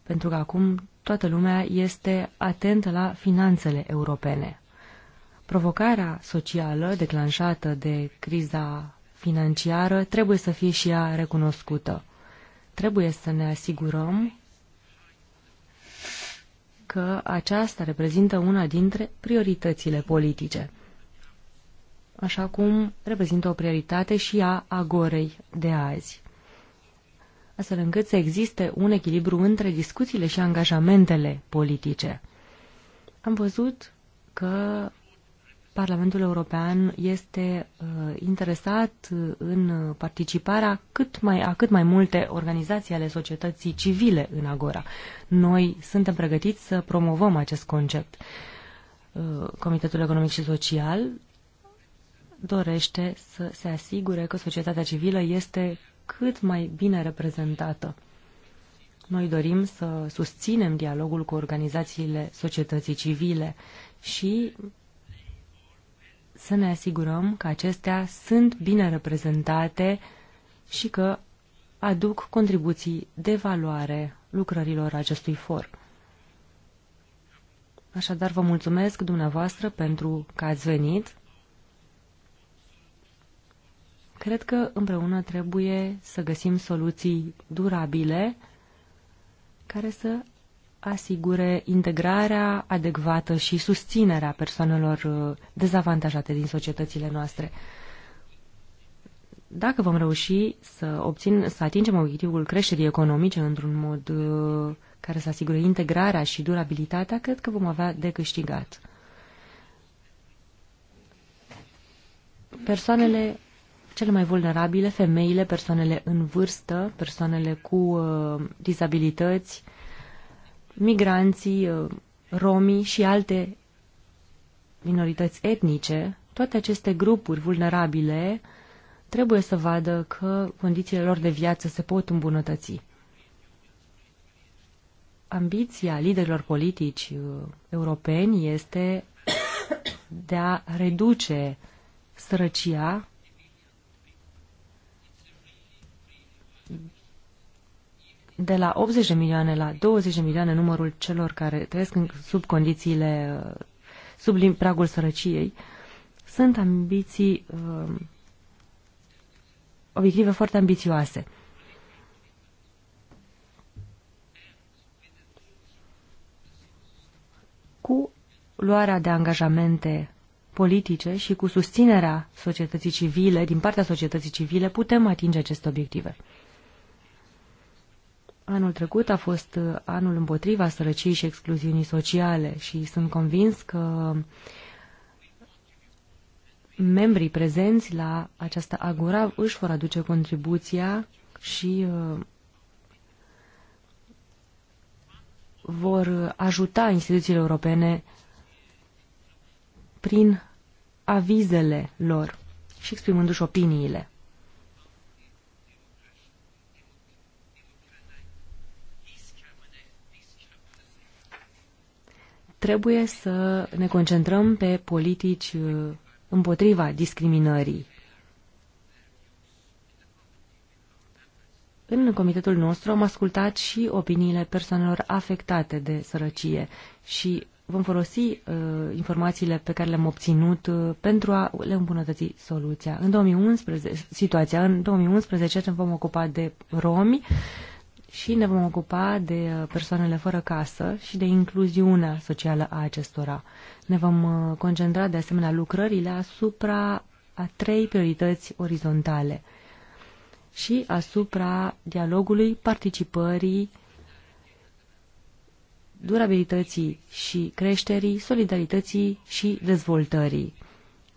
pentru că acum toată lumea este atentă la finanțele europene. Provocarea socială declanșată de criza financiară trebuie să fie și ea recunoscută. Trebuie să ne asigurăm că aceasta reprezintă una dintre prioritățile politice, așa cum reprezintă o prioritate și a agorei de azi astfel încât să existe un echilibru între discuțiile și angajamentele politice. Am văzut că Parlamentul European este uh, interesat în participarea cât mai, a cât mai multe organizații ale societății civile în Agora. Noi suntem pregătiți să promovăm acest concept. Uh, Comitetul Economic și Social dorește să se asigure că societatea civilă este cât mai bine reprezentată. Noi dorim să susținem dialogul cu organizațiile societății civile și să ne asigurăm că acestea sunt bine reprezentate și că aduc contribuții de valoare lucrărilor acestui for. Așadar, vă mulțumesc dumneavoastră pentru că ați venit Cred că împreună trebuie să găsim soluții durabile care să asigure integrarea adecvată și susținerea persoanelor uh, dezavantajate din societățile noastre. Dacă vom reuși să, obțin, să atingem obiectivul creșterii economice într-un mod uh, care să asigure integrarea și durabilitatea, cred că vom avea de câștigat. Persoanele cele mai vulnerabile, femeile, persoanele în vârstă, persoanele cu uh, dizabilități, migranții, uh, romii și alte minorități etnice, toate aceste grupuri vulnerabile trebuie să vadă că condițiile lor de viață se pot îmbunătăți. Ambiția liderilor politici uh, europeni este de a reduce sărăcia de la 80 de milioane la 20 de milioane numărul celor care trăiesc sub condițiile, uh, sub pragul sărăciei, sunt ambiții, uh, obiective foarte ambițioase. Cu luarea de angajamente politice și cu susținerea societății civile, din partea societății civile, putem atinge aceste obiective. Anul trecut a fost uh, anul împotriva sărăciei și excluziunii sociale și sunt convins că membrii prezenți la această agora își vor aduce contribuția și uh, vor ajuta instituțiile europene prin avizele lor și exprimându-și opiniile. Trebuie să ne concentrăm pe politici uh, împotriva discriminării. În comitetul nostru am ascultat și opiniile persoanelor afectate de sărăcie și vom folosi uh, informațiile pe care le-am obținut uh, pentru a le îmbunătăți soluția. În 2011, situația în 2011 ne vom ocupa de romi, uh, și ne vom ocupa de uh, persoanele fără casă și de incluziunea socială a acestora. Ne vom uh, concentra de asemenea lucrările asupra a trei priorități orizontale și asupra dialogului, participării, durabilității și creșterii, solidarității și dezvoltării.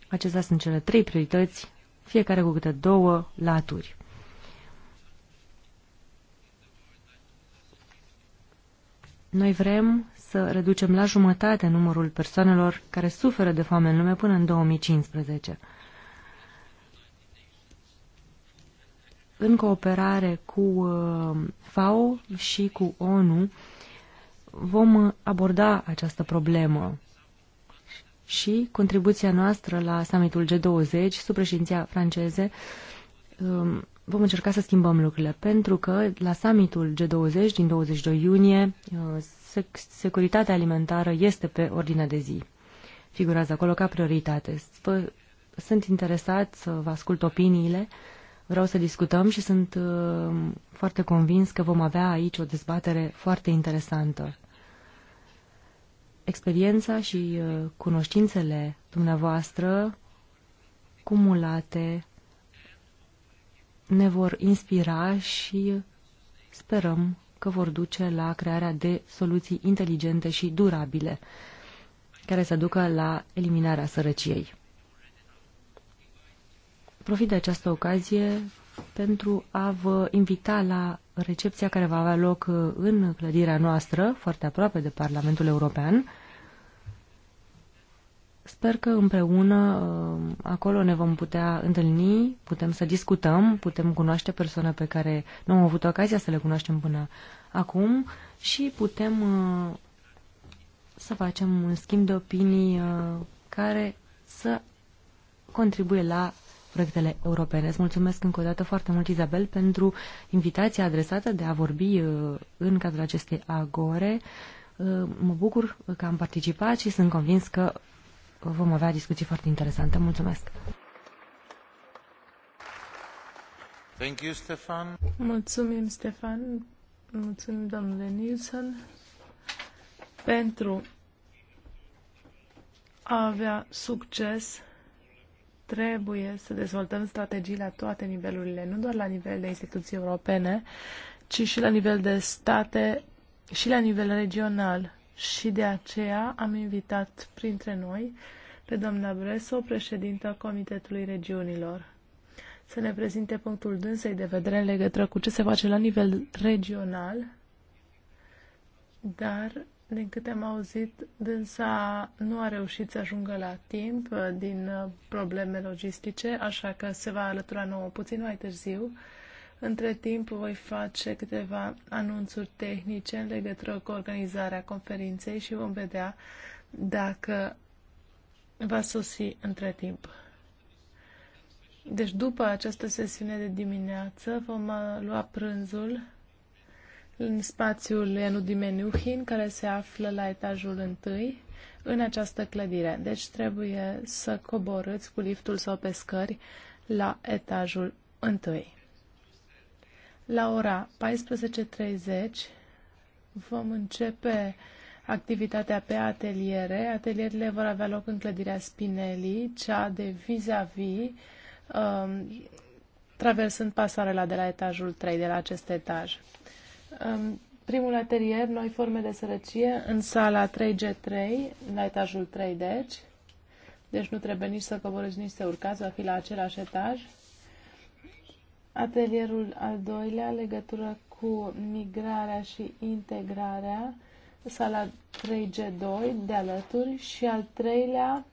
Acestea sunt cele trei priorități, fiecare cu câte două laturi. Noi vrem să reducem la jumătate numărul persoanelor care suferă de foame în lume până în 2015. În cooperare cu uh, FAO și cu ONU vom aborda această problemă și contribuția noastră la summitul G20 sub președinția franceze um, vom încerca să schimbăm lucrurile, pentru că la summitul G20 din 22 iunie uh, securitatea alimentară este pe ordinea de zi. Figurează acolo ca prioritate. Sunt interesat să vă ascult opiniile, vreau să discutăm și sunt uh, foarte convins că vom avea aici o dezbatere foarte interesantă. Experiența și uh, cunoștințele dumneavoastră cumulate ne vor inspira și sperăm că vor duce la crearea de soluții inteligente și durabile care să ducă la eliminarea sărăciei. Profit de această ocazie pentru a vă invita la recepția care va avea loc în clădirea noastră, foarte aproape de Parlamentul European, Sper că împreună uh, acolo ne vom putea întâlni, putem să discutăm, putem cunoaște persoane pe care nu am avut ocazia să le cunoaștem până acum și putem uh, să facem un schimb de opinii uh, care să contribuie la proiectele europene. Îți mulțumesc încă o dată foarte mult, Izabel, pentru invitația adresată de a vorbi în cadrul acestei agore. Mă bucur că am participat și sunt convins că vom avea discuții foarte interesante. Mulțumesc! Thank you, Stefan. Mulțumim, Stefan. Mulțumim, domnule Nilsson, pentru a avea succes trebuie să dezvoltăm strategii la toate nivelurile, nu doar la nivel de instituții europene, ci și la nivel de state și la nivel regional și de aceea am invitat printre noi pe doamna Breso, președinta Comitetului Regiunilor, să ne prezinte punctul dânsei de vedere în legătură cu ce se face la nivel regional, dar, din câte am auzit, dânsa nu a reușit să ajungă la timp uh, din uh, probleme logistice, așa că se va alătura nouă puțin mai târziu între timp voi face câteva anunțuri tehnice în legătură cu organizarea conferinței și vom vedea dacă va sosi între timp. Deci după această sesiune de dimineață vom uh, lua prânzul în spațiul Ianu Dimeniuhin, care se află la etajul întâi, în această clădire. Deci trebuie să coborâți cu liftul sau pe scări la etajul întâi. La ora 14.30 vom începe activitatea pe ateliere. Atelierele vor avea loc în clădirea Spinelli, cea de vis-a-vis, -vis, um, traversând pasarela de la etajul 3, de la acest etaj. Um, primul atelier, noi forme de sărăcie, în sala 3G3, la etajul 3, deci. Deci nu trebuie nici să coborâți, nici să urcați, va fi la același etaj. Atelierul al doilea, legătură cu migrarea și integrarea, sala 3G2 de alături și al treilea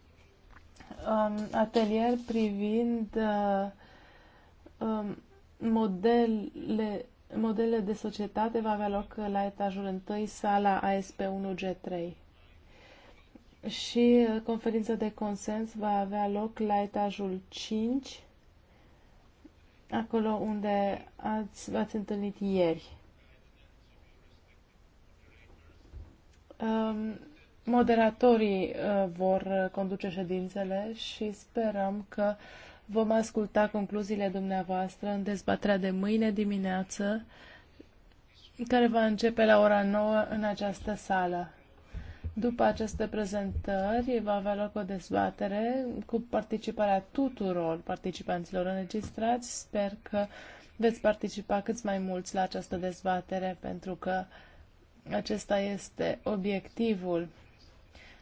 um, atelier privind uh, um, modele, modele de societate va avea loc la etajul întâi sala ASP1G3. Și uh, conferința de consens va avea loc la etajul 5 acolo unde ați, v-ați întâlnit ieri. Um, moderatorii uh, vor conduce ședințele și sperăm că vom asculta concluziile dumneavoastră în dezbaterea de mâine dimineață, care va începe la ora 9 în această sală. După aceste prezentări va avea loc o dezbatere cu participarea tuturor participanților înregistrați. Sper că veți participa cât mai mulți la această dezbatere pentru că acesta este obiectivul.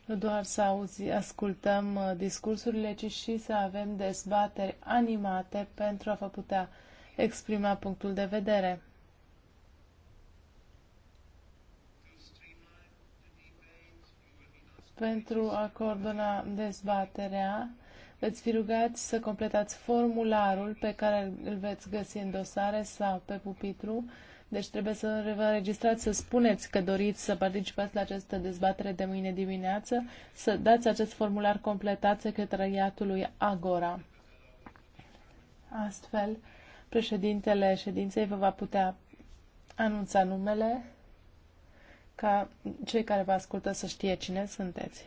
Nu doar să auzi, ascultăm uh, discursurile, ci și să avem dezbateri animate pentru a vă putea exprima punctul de vedere. pentru a coordona dezbaterea. Veți fi rugați să completați formularul pe care îl veți găsi în dosare sau pe pupitru. Deci trebuie să vă registrați, să spuneți că doriți să participați la această dezbatere de mâine dimineață, să dați acest formular completat secretariatului Agora. Astfel, președintele ședinței vă va putea anunța numele ca cei care vă ascultă să știe cine sunteți.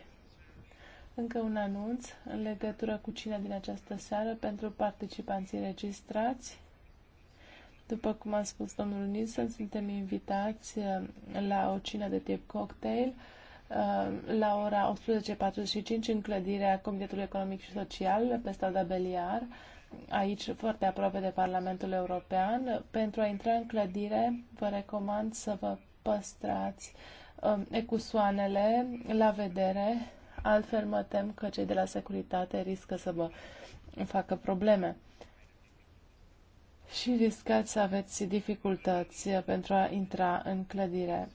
Încă un anunț în legătură cu cina din această seară pentru participanții registrați. După cum a spus domnul Nielsen, suntem invitați uh, la o cină de tip cocktail uh, la ora 18.45 în clădirea Comitetului Economic și Social pe strada Beliar, aici foarte aproape de Parlamentul European. Pentru a intra în clădire, vă recomand să vă păstrați um, ecusoanele la vedere, altfel mă tem că cei de la securitate riscă să vă facă probleme și riscați să aveți dificultăți pentru a intra în clădire.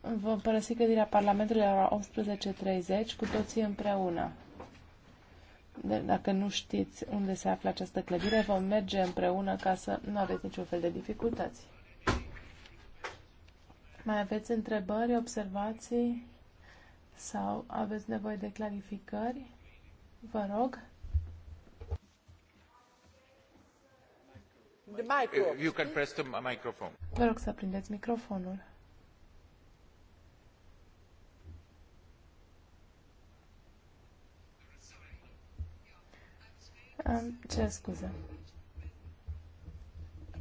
Vom părăsi clădirea Parlamentului la ora 18.30 cu toții împreună. De dacă nu știți unde se află această clădire, vom merge împreună ca să nu aveți niciun fel de dificultăți. Mai aveți întrebări, observații sau aveți nevoie de clarificări? Vă rog. The micro. You can press the microphone. Vă rog să prindeți microfonul. Ce scuze.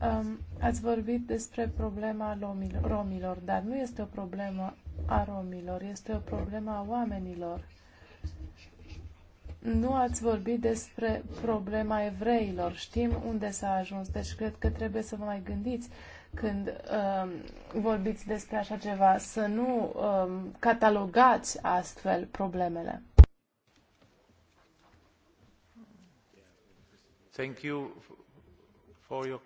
Um, ați vorbit despre problema romilor, dar nu este o problemă a romilor, este o problemă a oamenilor. Nu ați vorbit despre problema evreilor. Știm unde s-a ajuns, deci cred că trebuie să vă mai gândiți când um, vorbiți despre așa ceva, să nu um, catalogați astfel problemele. Thank you for your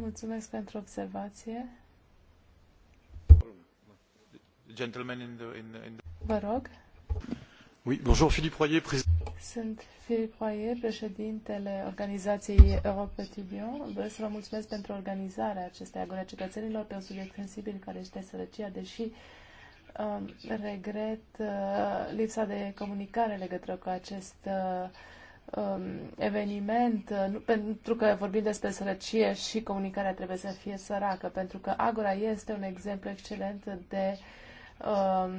Mulțumesc pentru observație. in the, in the, in the... Vă rog. Oui, bonjour, Philippe Royer, président. Sunt Philippe Royer, președintele organizației Europe Tibion. Vreau să vă mulțumesc pentru organizarea acestei agore cetățenilor pe un subiect sensibil care este sărăcia, deși um, regret uh, lipsa de comunicare legătură cu acest uh, Um, eveniment, uh, nu, pentru că vorbim despre sărăcie și comunicarea trebuie să fie săracă, pentru că Agora este un exemplu excelent de um,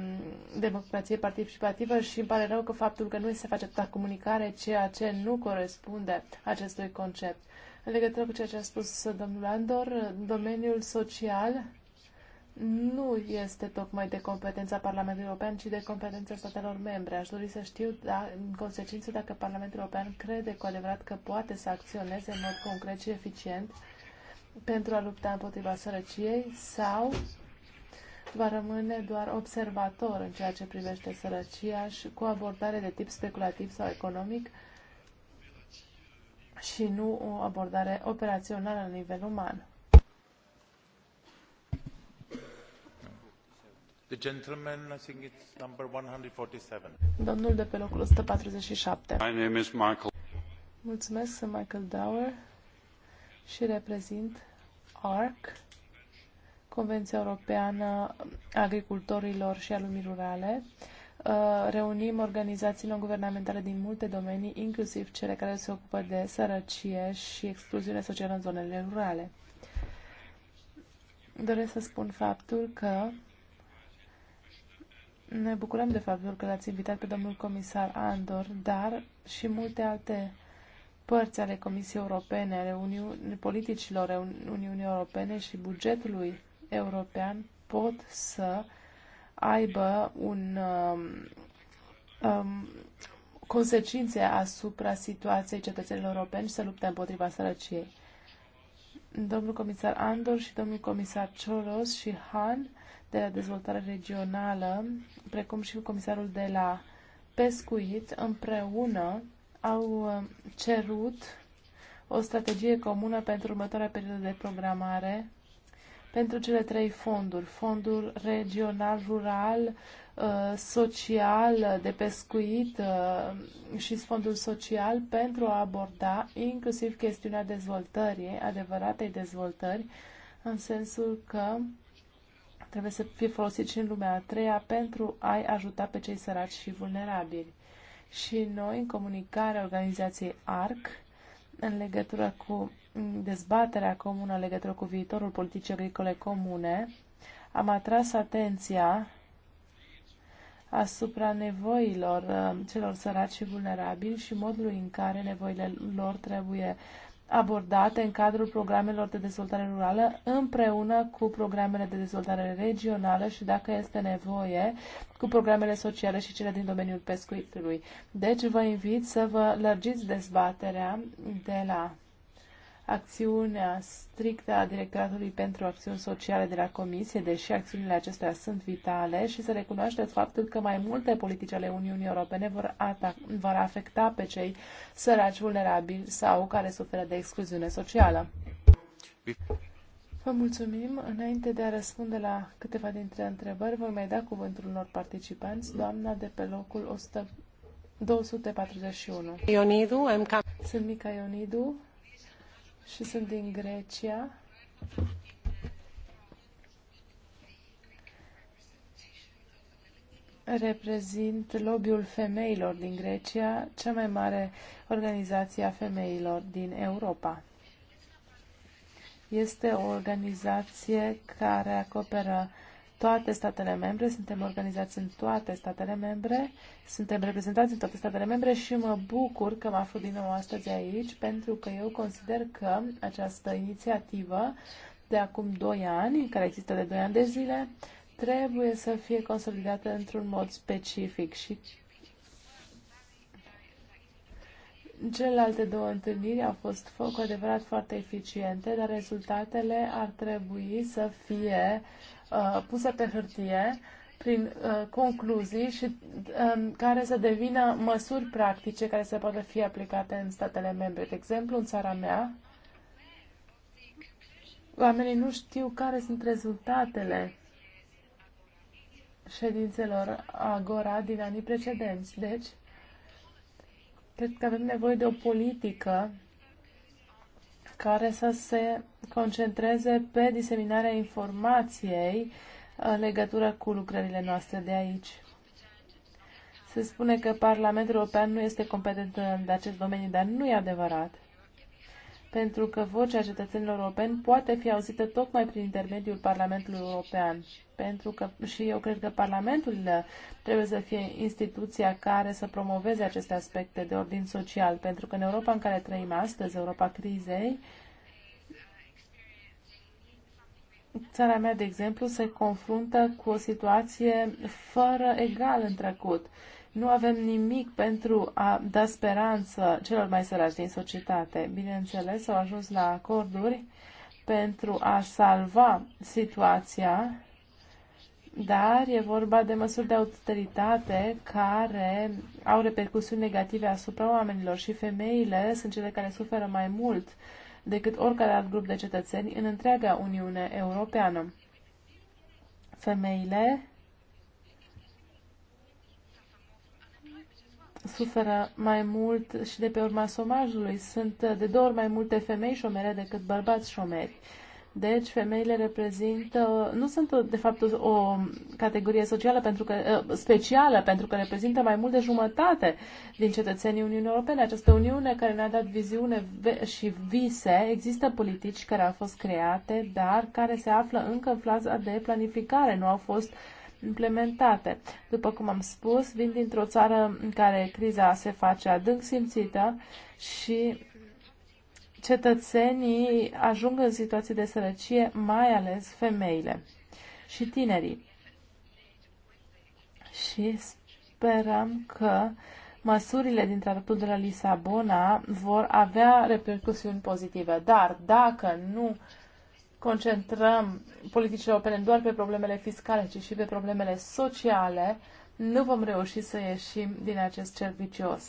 democrație participativă și îmi pare rău că faptul că nu se face atâta comunicare, ceea ce nu corespunde acestui concept. În legătură cu ceea ce a spus domnul Andor, domeniul social nu este tocmai de competența Parlamentului European, ci de competența statelor membre. Aș dori să știu, da, în consecință, dacă Parlamentul European crede cu adevărat că poate să acționeze în mod concret și eficient pentru a lupta împotriva sărăciei sau va rămâne doar observator în ceea ce privește sărăcia și cu abordare de tip speculativ sau economic și nu o abordare operațională la nivel uman. Domnul de pe locul 147. Mulțumesc, sunt Michael Dower și reprezint ARC, Convenția Europeană Agricultorilor și a Lumii Rurale. Uh, reunim organizații non-guvernamentale din multe domenii, inclusiv cele care se ocupă de sărăcie și excluziune socială în zonele rurale. Doresc să spun faptul că ne bucurăm de faptul că l-ați invitat pe domnul comisar Andor, dar și multe alte părți ale Comisiei Europene, ale Uniunii, politicilor Uniunii Europene și bugetului european pot să aibă un, um, um, consecințe asupra situației cetățenilor europeni și să lupte împotriva sărăciei. Domnul comisar Andor și domnul comisar Cholos și Han de dezvoltare regională, precum și comisarul de la pescuit, împreună au uh, cerut o strategie comună pentru următoarea perioadă de programare pentru cele trei fonduri, fondul regional, rural, uh, social, uh, de pescuit și fondul social pentru a aborda inclusiv chestiunea dezvoltării, adevăratei dezvoltări, în sensul că trebuie să fie folosit și în lumea a treia pentru a-i ajuta pe cei săraci și vulnerabili. Și noi, în comunicarea organizației ARC, în legătură cu dezbaterea comună în legătură cu viitorul politicii agricole comune, am atras atenția asupra nevoilor uh, celor săraci și vulnerabili și modului în care nevoile lor trebuie abordate în cadrul programelor de dezvoltare rurală împreună cu programele de dezvoltare regională și, dacă este nevoie, cu programele sociale și cele din domeniul pescuitului. Deci vă invit să vă lărgiți dezbaterea de la acțiunea strictă a Directoratului pentru Acțiuni Sociale de la Comisie, deși acțiunile acestea sunt vitale, și să recunoașteți faptul că mai multe politici ale Uniunii Europene vor, atac- vor afecta pe cei săraci, vulnerabili sau care suferă de excluziune socială. Vă mulțumim. Înainte de a răspunde la câteva dintre întrebări, voi mai da cuvântul unor participanți, doamna de pe locul 100, 241. Ionidu, Sunt Mica Ionidu, și sunt din Grecia. Reprezint lobby-ul femeilor din Grecia, cea mai mare organizație a femeilor din Europa. Este o organizație care acoperă toate statele membre, suntem organizați în toate statele membre, suntem reprezentați în toate statele membre și mă bucur că mă aflu din nou astăzi aici, pentru că eu consider că această inițiativă de acum 2 ani, care există de 2 ani de zile, trebuie să fie consolidată într-un mod specific și Celelalte două întâlniri au fost cu adevărat foarte eficiente, dar rezultatele ar trebui să fie uh, Uh, puse pe hârtie prin uh, concluzii și uh, care să devină măsuri practice care să poată fi aplicate în statele membre. De exemplu, în țara mea, oamenii nu știu care sunt rezultatele ședințelor Agora din anii precedenți. Deci, cred că avem nevoie de o politică care să se concentreze pe diseminarea informației în legătură cu lucrările noastre de aici. Se spune că Parlamentul European nu este competent în acest domeniu, dar nu e adevărat pentru că vocea cetățenilor europeni poate fi auzită tocmai prin intermediul Parlamentului European. Pentru că și eu cred că Parlamentul uh, trebuie să fie instituția care să promoveze aceste aspecte de ordin social, pentru că în Europa în care trăim astăzi, Europa crizei, țara mea, de exemplu, se confruntă cu o situație fără egal în trecut nu avem nimic pentru a da speranță celor mai sărași din societate. Bineînțeles, au ajuns la acorduri pentru a salva situația, dar e vorba de măsuri de austeritate care au repercusiuni negative asupra oamenilor și femeile sunt cele care suferă mai mult decât oricare alt grup de cetățeni în întreaga Uniune Europeană. Femeile suferă mai mult și de pe urma somajului. Sunt de două ori mai multe femei șomere decât bărbați șomeri. Deci, femeile reprezintă, nu sunt de fapt o categorie socială pentru că, eh, specială, pentru că reprezintă mai mult de jumătate din cetățenii Uniunii Europene. Această Uniune care ne-a dat viziune și vise, există politici care au fost create, dar care se află încă în faza de planificare, nu au fost uh, implementate. După cum am spus, vin dintr-o țară în care criza se face adânc simțită și cetățenii ajung în situații de sărăcie, mai ales femeile și tinerii. Și sperăm că măsurile din tratatul de la Lisabona vor avea repercusiuni pozitive. Dar dacă nu uh, concentrăm politicile europene doar pe problemele fiscale, ci și pe problemele sociale, nu vom reuși să ieșim din acest cerc vicios.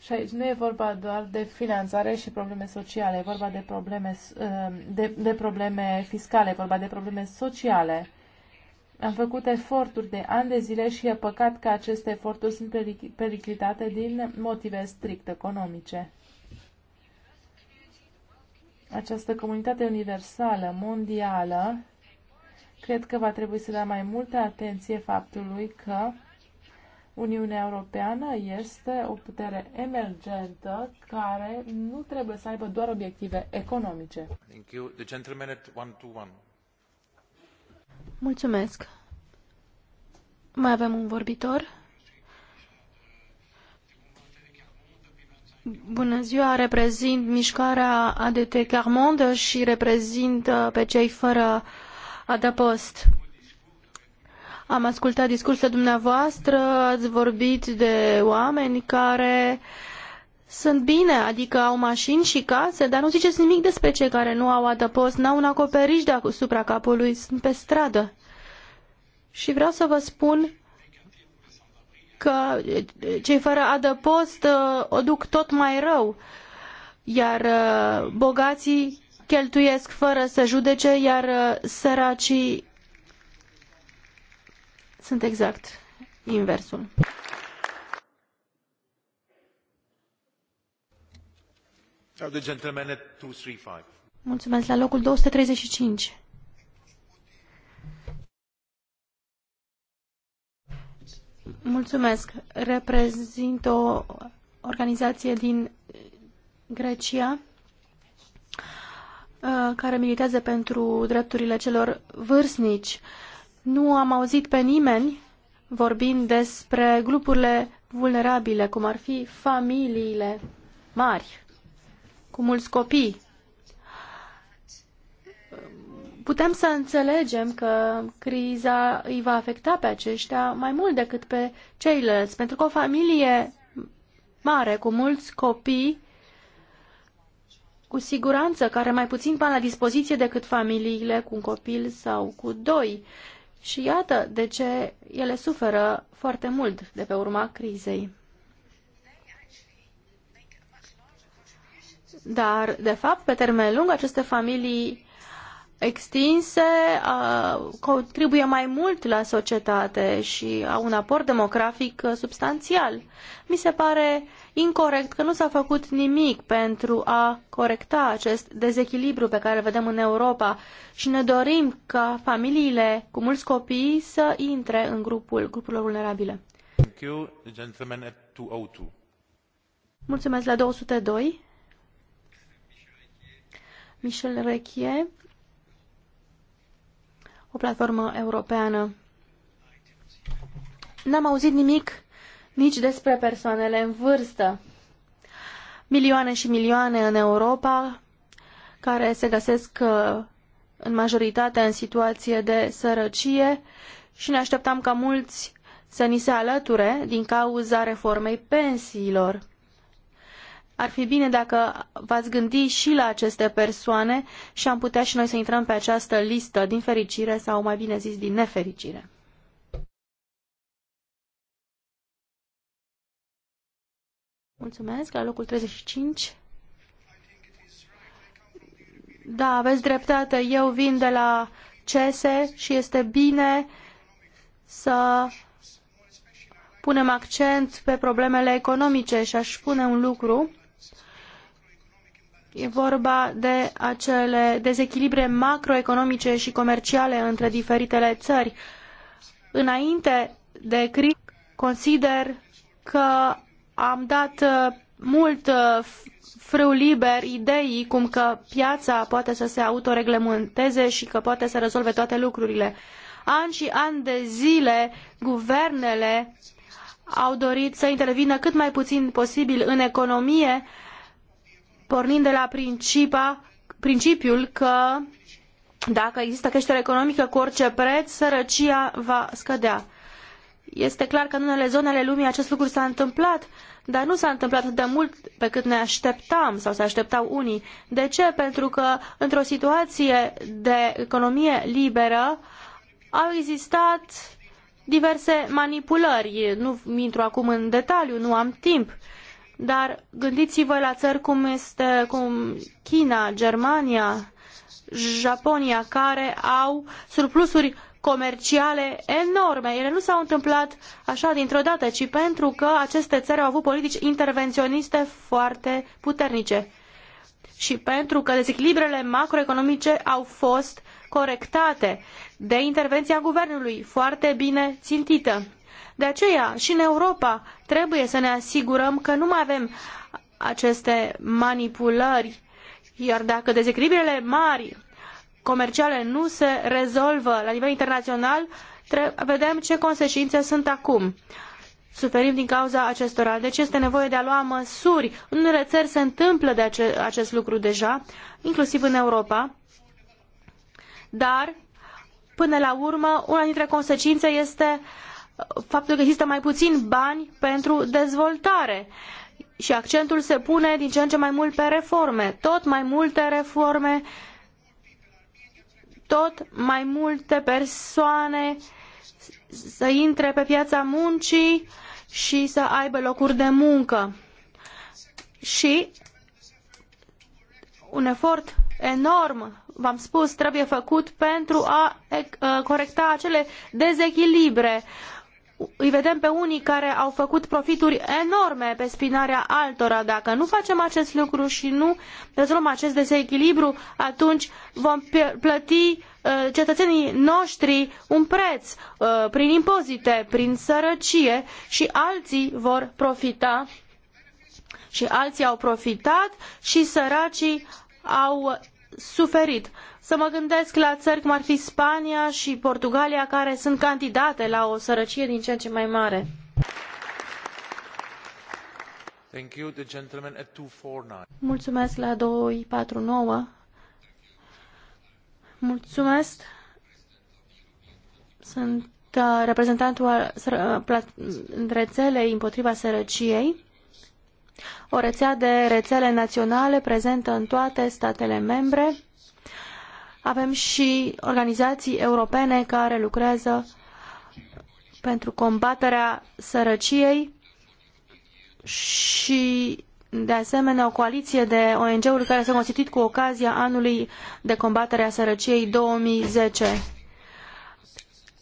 Și aici nu e vorba doar de finanțare și probleme sociale, e vorba de probleme, uh, de, de probleme fiscale, e vorba de probleme sociale. Am făcut eforturi de ani de zile și e păcat că aceste eforturi sunt periclitate din motive strict economice această comunitate universală, mondială, cred că va trebui să dea mai multă atenție faptului că Uniunea Europeană este o putere emergentă care nu trebuie să aibă doar obiective economice. Thank you. The gentleman at one to one. Mulțumesc. Mai avem un vorbitor? Bună ziua, reprezint mișcarea ADT Carmond și reprezint uh, pe cei fără adăpost. Am ascultat discursul dumneavoastră, ați vorbit de oameni care sunt bine, adică au mașini și case, dar nu ziceți nimic despre cei care nu au adăpost, n-au un acoperiș deasupra capului, sunt pe stradă. Și vreau să vă spun că cei fără adăpost uh, o duc tot mai rău, iar uh, bogații cheltuiesc fără să judece, iar uh, săracii sunt exact inversul. Mulțumesc. La locul 235. Mulțumesc. Reprezint o organizație din Grecia uh, care militează pentru drepturile celor vârstnici. Nu am auzit pe nimeni vorbind despre grupurile vulnerabile, cum ar fi familiile mari, cu mulți copii. Putem să înțelegem că criza îi va afecta pe aceștia mai mult decât pe ceilalți, pentru că o familie mare cu mulți copii cu siguranță care mai puțin bani la dispoziție decât familiile cu un copil sau cu doi. Și iată de ce ele suferă foarte mult de pe urma crizei. Dar, de fapt, pe termen lung, aceste familii extinse contribuie mai mult la societate și au un aport demografic uh, substanțial. Mi se pare incorrect că nu s-a făcut nimic pentru a corecta acest dezechilibru pe care îl vedem în Europa și ne dorim ca familiile cu mulți copii să intre în grupul grupurilor vulnerabile. Oh Mulțumesc la 202. Michel Rechie o platformă europeană. N-am auzit nimic nici despre persoanele în vârstă. Milioane și milioane în Europa care se găsesc uh, în majoritate în situație de sărăcie și ne așteptam ca mulți să ni se alăture din cauza reformei pensiilor. Ar fi bine dacă v-ați gândi și la aceste persoane și am putea și noi să intrăm pe această listă din fericire sau mai bine zis din nefericire. Mulțumesc, la locul 35. Da, aveți dreptate. Eu vin de la CESE și este bine să punem accent pe problemele economice și aș spune un lucru. E vorba de acele dezechilibre macroeconomice și comerciale între diferitele țări. Înainte de criză, consider că am dat uh, mult uh, frâu liber ideii cum că piața poate să se autoreglementeze și că poate să rezolve toate lucrurile. Ani și ani de zile, guvernele au dorit să intervină cât mai puțin posibil în economie, pornind de la principiul că dacă există creștere economică cu orice preț, sărăcia va scădea. Este clar că în unele zone ale lumii acest lucru s-a întâmplat, dar nu s-a întâmplat de mult pe cât ne așteptam sau se așteptau unii. De ce? Pentru că într-o situație de economie liberă au existat diverse manipulări. Nu intru acum în detaliu, nu am timp. Uh, dar gândiți-vă la țări cum este cum China, Germania, Japonia, care au surplusuri comerciale enorme. Ele nu s-au întâmplat așa dintr-o dată, ci pentru că aceste țări au avut politici intervenționiste foarte puternice și pentru că dezechilibrele macroeconomice au fost corectate de intervenția guvernului, foarte bine țintită. De aceea, și în Europa trebuie să ne asigurăm că nu mai avem aceste manipulări, iar dacă dezechilibrele mari comerciale nu se rezolvă la nivel internațional, vedem ce consecințe sunt acum. Suferim din cauza acestora. Deci este nevoie de a lua măsuri. În unele țări se întâmplă de ace acest lucru deja, inclusiv în Europa. Dar, până la urmă, una dintre consecințe este uh, faptul că există mai puțin bani pentru dezvoltare și accentul se pune din ce în ce mai mult pe reforme, tot mai multe reforme, tot mai multe persoane să intre pe piața muncii și să aibă locuri de muncă. Și un efort enorm, v-am spus, trebuie făcut pentru a eh, corecta acele dezechilibre uh, îi vedem pe unii care au făcut profituri enorme pe spinarea altora. Dacă nu facem acest lucru și nu rezolvăm acest dezechilibru, atunci vom plăti uh, cetățenii noștri un preț uh, prin impozite, prin sărăcie și alții vor profita și alții au profitat și săracii au suferit. Să mă gândesc la țări cum ar fi Spania și Portugalia, care sunt candidate la o sărăcie din ce în ce mai mare. Mulțumesc la 249. Mulțumesc. Sunt uh, reprezentantul uh, rețelei împotriva sărăciei o rețea de rețele naționale prezentă în toate statele membre. Avem și organizații europene care lucrează pentru combaterea sărăciei și de asemenea o coaliție de ONG-uri care s-a constituit cu ocazia anului de combatere a sărăciei 2010.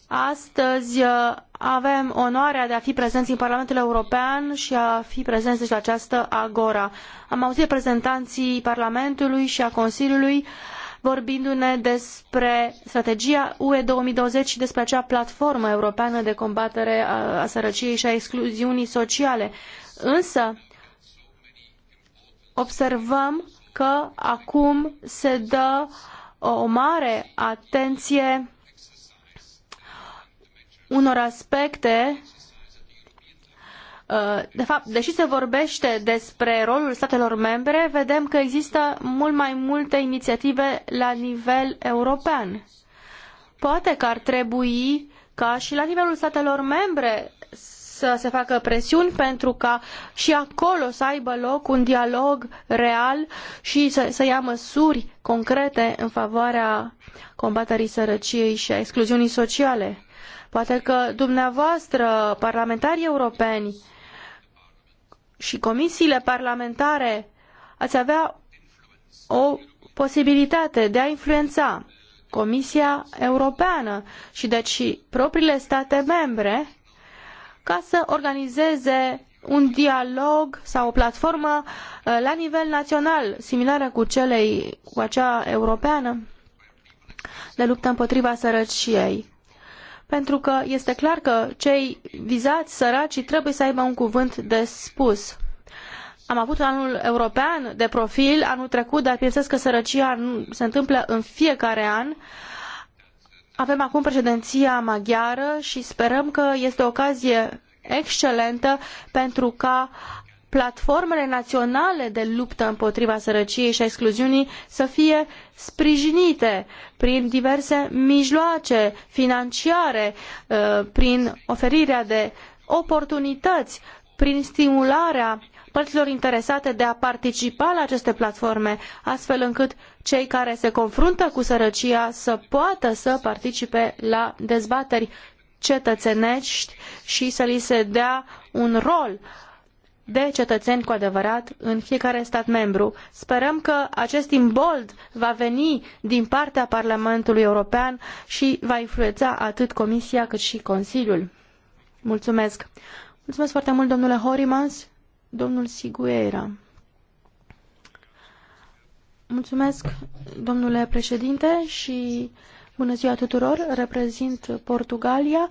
Astăzi uh, avem onoarea de a fi prezenți în Parlamentul European și a fi prezenți deci la această agora. Am auzit reprezentanții Parlamentului și a Consiliului vorbindu-ne despre strategia UE 2020 și despre acea platformă europeană de combatere a sărăciei și a excluziunii sociale. Însă, observăm că acum se dă o mare atenție unor aspecte uh, de fapt, deși se vorbește despre rolul statelor membre, vedem că există mult mai multe inițiative la nivel european. Poate că ar trebui ca și la nivelul statelor membre să se facă presiuni pentru ca și acolo să aibă loc un dialog real și să, să ia măsuri concrete în favoarea combaterii sărăciei și a excluziunii sociale. Poate că dumneavoastră, parlamentarii europeni și comisiile parlamentare, ați avea o posibilitate de a influența Comisia Europeană și deci propriile state membre ca să organizeze un dialog sau o platformă uh, la nivel național, similară cu celei cu acea europeană, de luptă împotriva sărăciei pentru că este clar că cei vizați, săracii, trebuie să aibă un cuvânt de spus. Am avut anul european de profil anul trecut, dar bineînțeles că sărăcia se întâmplă în fiecare an. Avem acum președinția maghiară și sperăm că este o ocazie excelentă pentru ca uh, platformele naționale de luptă împotriva sărăciei și a excluziunii să fie sprijinite prin diverse mijloace financiare, uh, prin oferirea de oportunități, prin stimularea părților interesate de a participa la aceste platforme, astfel încât cei care se confruntă cu sărăcia să poată să participe la dezbateri cetățenești și să li se dea un rol uh, de cetățeni cu adevărat în fiecare stat membru. Sperăm că acest imbold va veni din partea Parlamentului European și va influența atât Comisia cât și Consiliul. Mulțumesc! Mulțumesc foarte mult, domnule Horimans, domnul Siguera. Mulțumesc, domnule președinte, și bună ziua tuturor. Reprezint Portugalia.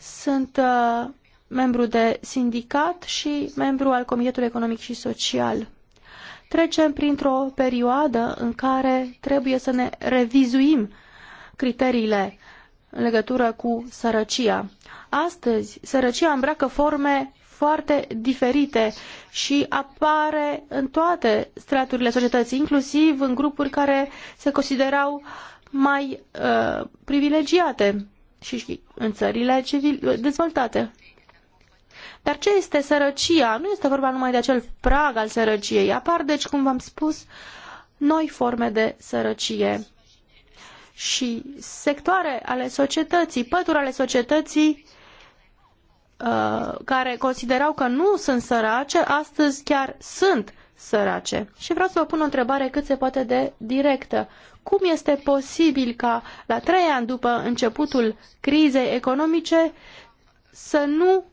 Sunt uh, membru de sindicat și membru al Comitetului Economic și Social. Trecem printr-o perioadă în care trebuie să ne revizuim criteriile în legătură cu sărăcia. Astăzi, sărăcia îmbracă forme foarte diferite și apare în toate straturile societății, inclusiv în grupuri care se considerau mai uh, privilegiate și în țările civil dezvoltate. Dar ce este sărăcia? Nu este vorba numai de acel prag al sărăciei. Apar, deci, cum v-am spus, noi forme de sărăcie și sectoare ale societății, pături ale societății uh, care considerau că nu sunt sărace, astăzi chiar sunt sărace. Și vreau să vă pun o întrebare cât se poate de directă. Cum este posibil ca la trei ani după începutul crizei economice să nu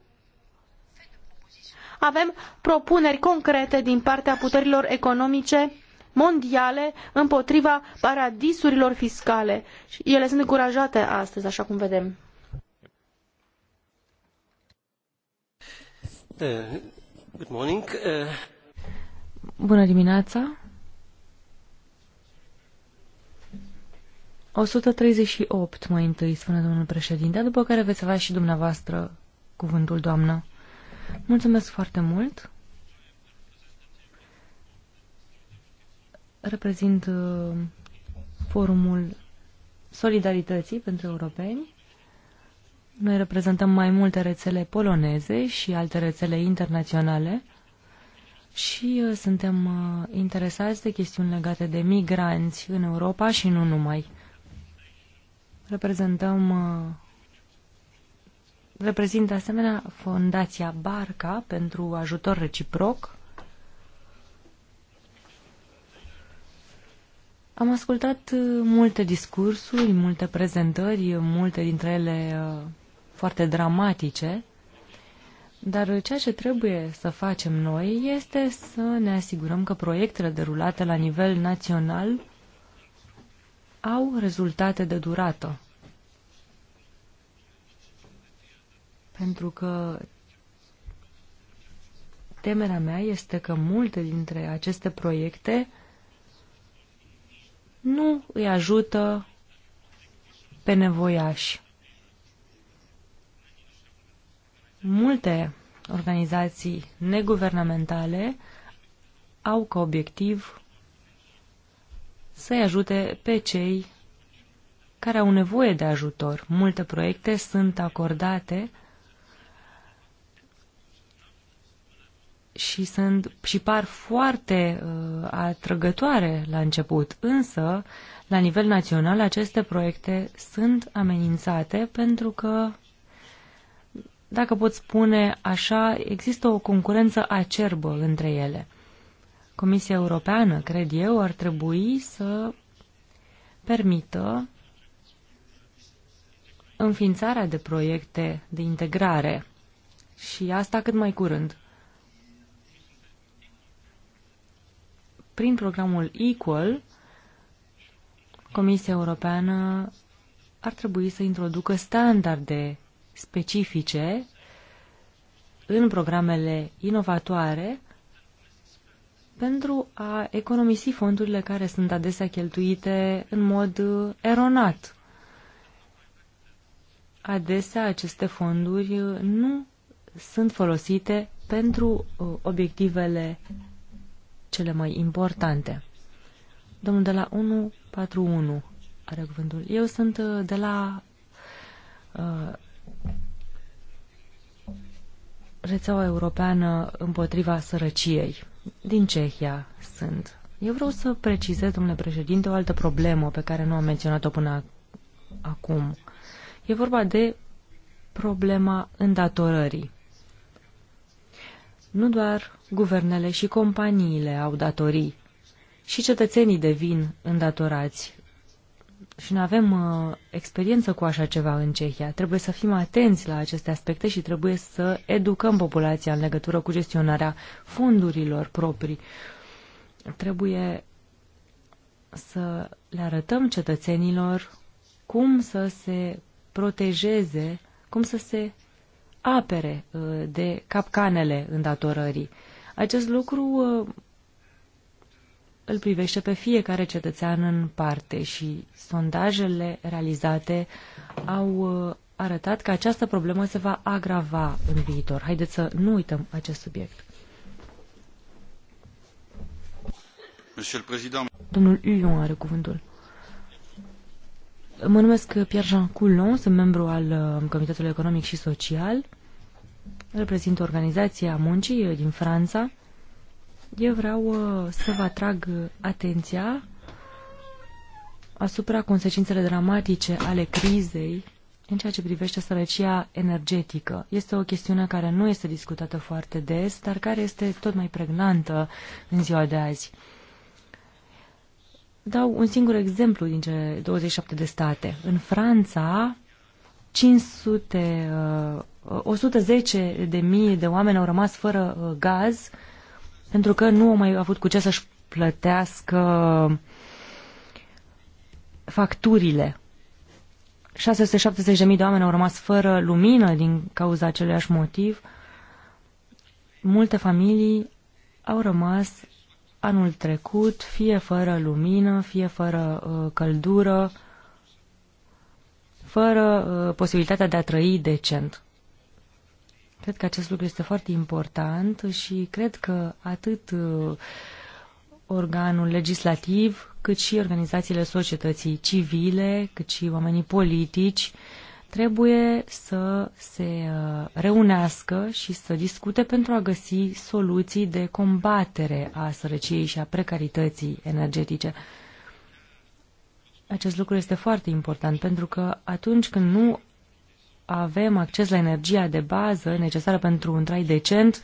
avem propuneri concrete din partea puterilor economice mondiale împotriva paradisurilor fiscale. Și ele sunt încurajate astăzi, așa cum vedem. Eh, good morning. Eh. Bună dimineața. 138 mai întâi, spune domnul președinte, după care veți avea și dumneavoastră cuvântul, doamnă. Mulțumesc foarte mult. Reprezint uh, forumul Solidarității pentru Europeni. Noi reprezentăm mai multe rețele poloneze și alte rețele internaționale și uh, suntem uh, interesați de chestiuni legate de migranți în Europa și nu numai. Reprezentăm Reprezint de asemenea Fondația Barca pentru ajutor reciproc. Am ascultat uh, multe discursuri, multe prezentări, uh, multe dintre ele uh, foarte dramatice, dar ceea ce trebuie să facem noi este să ne asigurăm că proiectele derulate la nivel național au rezultate de durată pentru că temerea mea este că multe dintre aceste proiecte nu îi ajută pe nevoiași. Multe organizații neguvernamentale au ca obiectiv să-i ajute pe cei care au nevoie de ajutor. Multe proiecte sunt acordate și sunt și par foarte uh, atrăgătoare la început, însă la nivel național aceste proiecte sunt amenințate pentru că dacă pot spune așa, există o concurență acerbă între ele. Comisia Europeană, cred eu, ar trebui să permită înființarea de proiecte de integrare și asta cât mai curând. prin programul Equal, Comisia Europeană ar trebui să introducă standarde specifice în programele inovatoare pentru a economisi fondurile care sunt adesea cheltuite în mod eronat. Adesea aceste fonduri nu sunt folosite pentru uh, obiectivele cele mai importante. Domnul de la 141 are cuvântul. Eu sunt uh, de la uh, rețeaua europeană împotriva sărăciei. Din Cehia sunt. Eu vreau să precizez, domnule președinte, o altă problemă pe care nu am menționat-o până acum. E vorba de problema îndatorării. Nu doar guvernele și companiile au datorii, și cetățenii devin îndatorați. Și nu avem uh, experiență cu așa ceva în Cehia. Trebuie să fim atenți la aceste aspecte și trebuie să educăm populația în legătură cu gestionarea fondurilor proprii. Trebuie să le arătăm cetățenilor cum să se protejeze, cum să se apere uh, de capcanele îndatorării. Acest lucru uh, îl privește pe fiecare cetățean în parte și sondajele realizate au uh, arătat că această problemă se va agrava în viitor. Haideți să nu uităm acest subiect. Domnul Uion are cuvântul. Mă numesc Pierre-Jean Coulon, sunt membru al uh, Comitetului Economic și Social, reprezint Organizația Muncii uh, din Franța. Eu vreau uh, să vă atrag atenția asupra consecințele dramatice ale crizei în ceea ce privește sărăcia energetică. Este o chestiune care nu este discutată foarte des, dar care este tot mai pregnantă în ziua de azi dau un singur exemplu din cele 27 de state. În Franța, 500, 110 uh, uh, de mii de oameni au rămas fără uh, gaz pentru că nu au mai avut cu ce să-și plătească facturile. 670.000 de oameni au rămas fără lumină din cauza aceluiași motiv. Multe familii au rămas anul trecut, fie fără lumină, fie fără uh, căldură, fără uh, posibilitatea de a trăi decent. Cred că acest lucru este foarte important și cred că atât uh, organul legislativ, cât și organizațiile societății civile, cât și oamenii politici uh, trebuie să se uh, reunească și să discute pentru a găsi soluții de combatere a sărăciei și a precarității energetice. Acest lucru este foarte important pentru că atunci când nu avem acces la energia de bază necesară pentru un trai decent,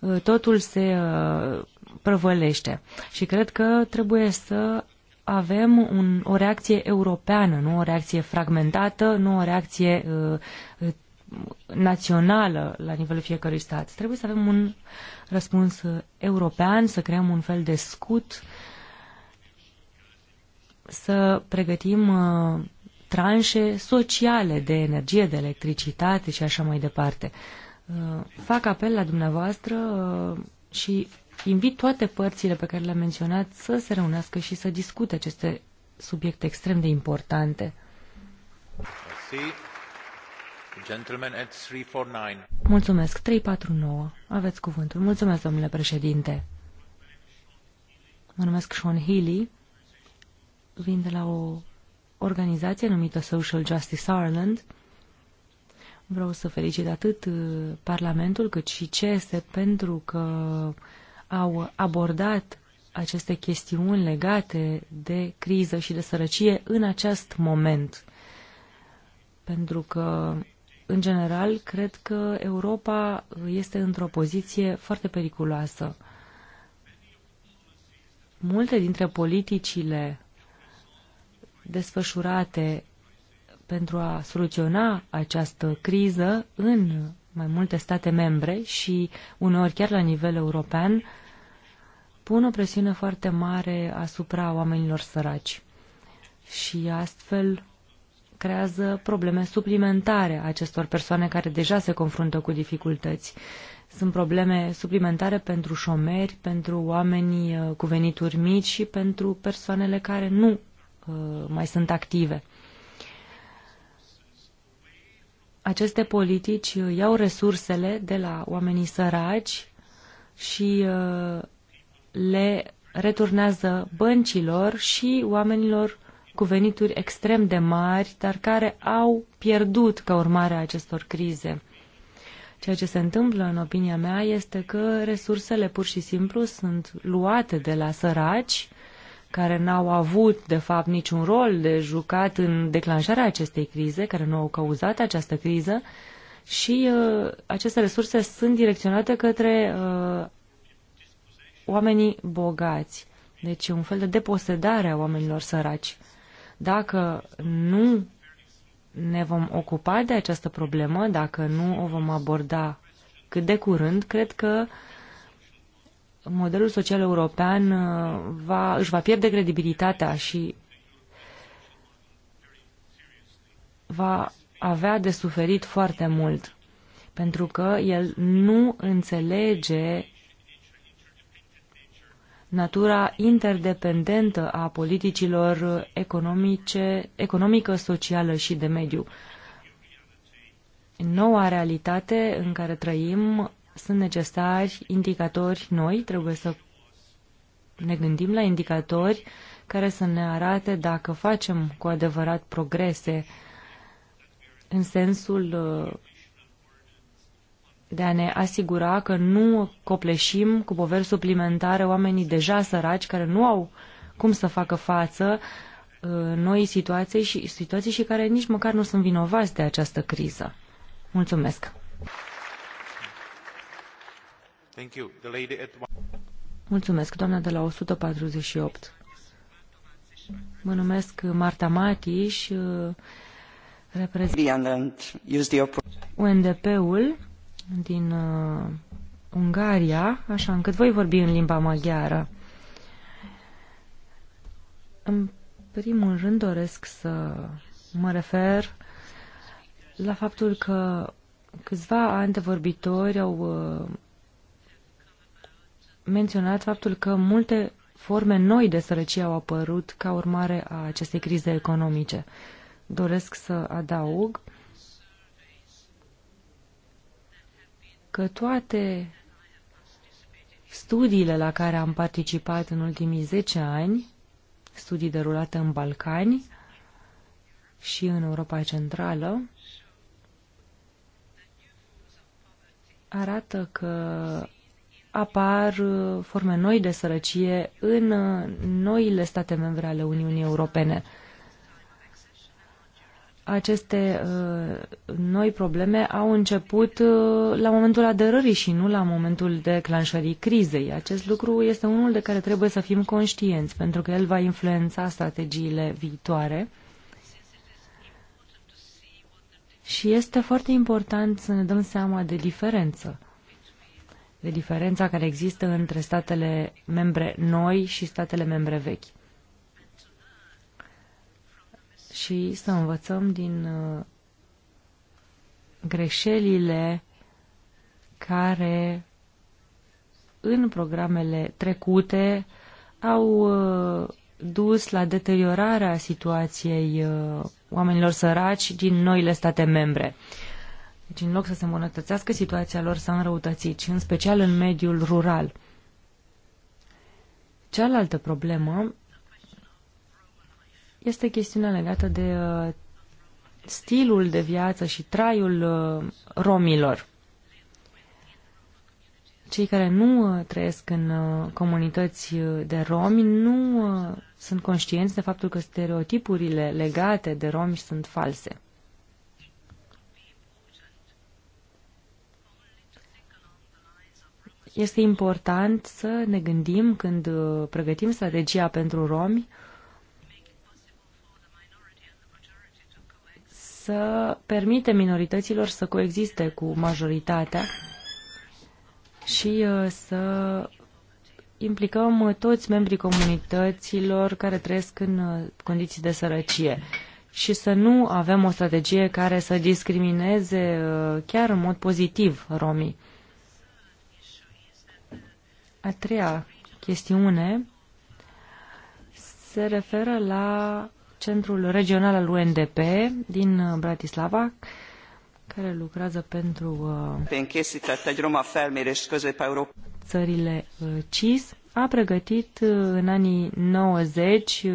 uh, totul se uh, prăvălește. Și cred că trebuie să avem un, o reacție europeană, nu o reacție fragmentată, nu o reacție uh, uh națională la nivelul fiecărui stat. Trebuie să avem un răspuns uh, european, să creăm un fel de scut, să pregătim uh, tranșe sociale de energie, de electricitate și așa mai departe. Uh, fac apel la dumneavoastră uh, și invit toate părțile pe care le-am menționat să se reunească și să discute aceste subiecte extrem de importante. Mulțumesc. 349. Aveți cuvântul. Mulțumesc, domnule președinte. Mă numesc Sean Healy. Vin de la o organizație numită Social Justice Ireland. Vreau să felicit atât uh, Parlamentul cât și CESE pentru că au abordat aceste chestiuni legate de criză și de sărăcie în acest moment. Pentru că, în general, cred că Europa este într-o poziție foarte periculoasă. Multe dintre politicile desfășurate pentru a soluționa această criză în mai multe state membre și uneori chiar la nivel european pun o presiune foarte mare asupra oamenilor săraci și astfel creează probleme suplimentare acestor persoane care deja se confruntă cu dificultăți. Sunt probleme suplimentare pentru șomeri, pentru oamenii uh, cu venituri mici și pentru persoanele care nu uh, mai sunt active. aceste politici uh, iau resursele de la oamenii săraci și uh, le returnează băncilor și oamenilor cu venituri extrem de mari, dar care au pierdut ca urmare a acestor crize. Ceea ce se întâmplă, în opinia mea, este că resursele pur și simplu sunt luate de la săraci care n-au avut, de fapt, niciun rol de jucat în declanșarea acestei crize, care nu au cauzat această criză și uh, aceste resurse sunt direcționate către uh, oamenii bogați. Deci un fel de deposedare a oamenilor săraci. Dacă nu ne vom ocupa de această problemă, dacă nu o vom aborda cât de curând, cred că uh, modelul social european uh, va, își va pierde credibilitatea și va avea de suferit foarte mult, pentru că el nu înțelege natura interdependentă a politicilor economice, economică, socială și de mediu. Noua realitate în care trăim sunt necesari indicatori noi, trebuie să ne gândim la indicatori care să ne arate dacă facem cu adevărat progrese în sensul uh, de a ne asigura că nu copleșim cu poveri suplimentare oamenii deja săraci care nu au cum să facă față uh, noi situații și, situații și care nici măcar nu sunt vinovați de această criză. Mulțumesc! Mulțumesc, doamna de la 148. Mă numesc Marta Matiș, uh, reprezint UNDP-ul din uh, Ungaria, așa încât voi vorbi în limba maghiară. În primul rând doresc să mă refer la faptul că câțiva antevorbitori au uh, menționat faptul că multe forme noi de sărăcie au apărut ca urmare a acestei crize economice. Doresc să adaug că toate studiile la care am participat în ultimii 10 ani, studii derulate în Balcani și în Europa Centrală, arată că apar uh, forme noi de sărăcie în uh, noile state membre ale Uniunii Europene. Aceste uh, noi probleme au început la momentul aderării și nu la momentul declanșării crizei. Acest lucru este unul de care trebuie să fim conștienți, pentru că el va influența strategiile viitoare. Și este foarte important să ne dăm seama de diferență de diferența care există între statele membre noi și statele membre vechi. Și să învățăm din uh, greșelile care în programele trecute au uh, dus la deteriorarea situației uh, oamenilor săraci din noile state membre. Deci, în loc să se îmbunătățească, situația lor s-a înrăutățit și în special în mediul rural. Cealaltă problemă este chestiunea legată de uh, stilul de viață și traiul uh, romilor. Cei care nu uh, trăiesc în comunități de romi nu sunt conștienți de faptul că stereotipurile legate de romi sunt false. Este important să ne gândim când uh, pregătim strategia pentru romi să permite minorităților să coexiste cu majoritatea și uh, să implicăm toți membrii comunităților care trăiesc în uh, condiții de sărăcie și să nu avem o strategie care să discrimineze chiar în mod pozitiv romii. A treia chestiune se referă la Centrul Regional al UNDP din uh, Bratislava, care lucrează pentru uh, țările uh, CIS, a pregătit în anii 90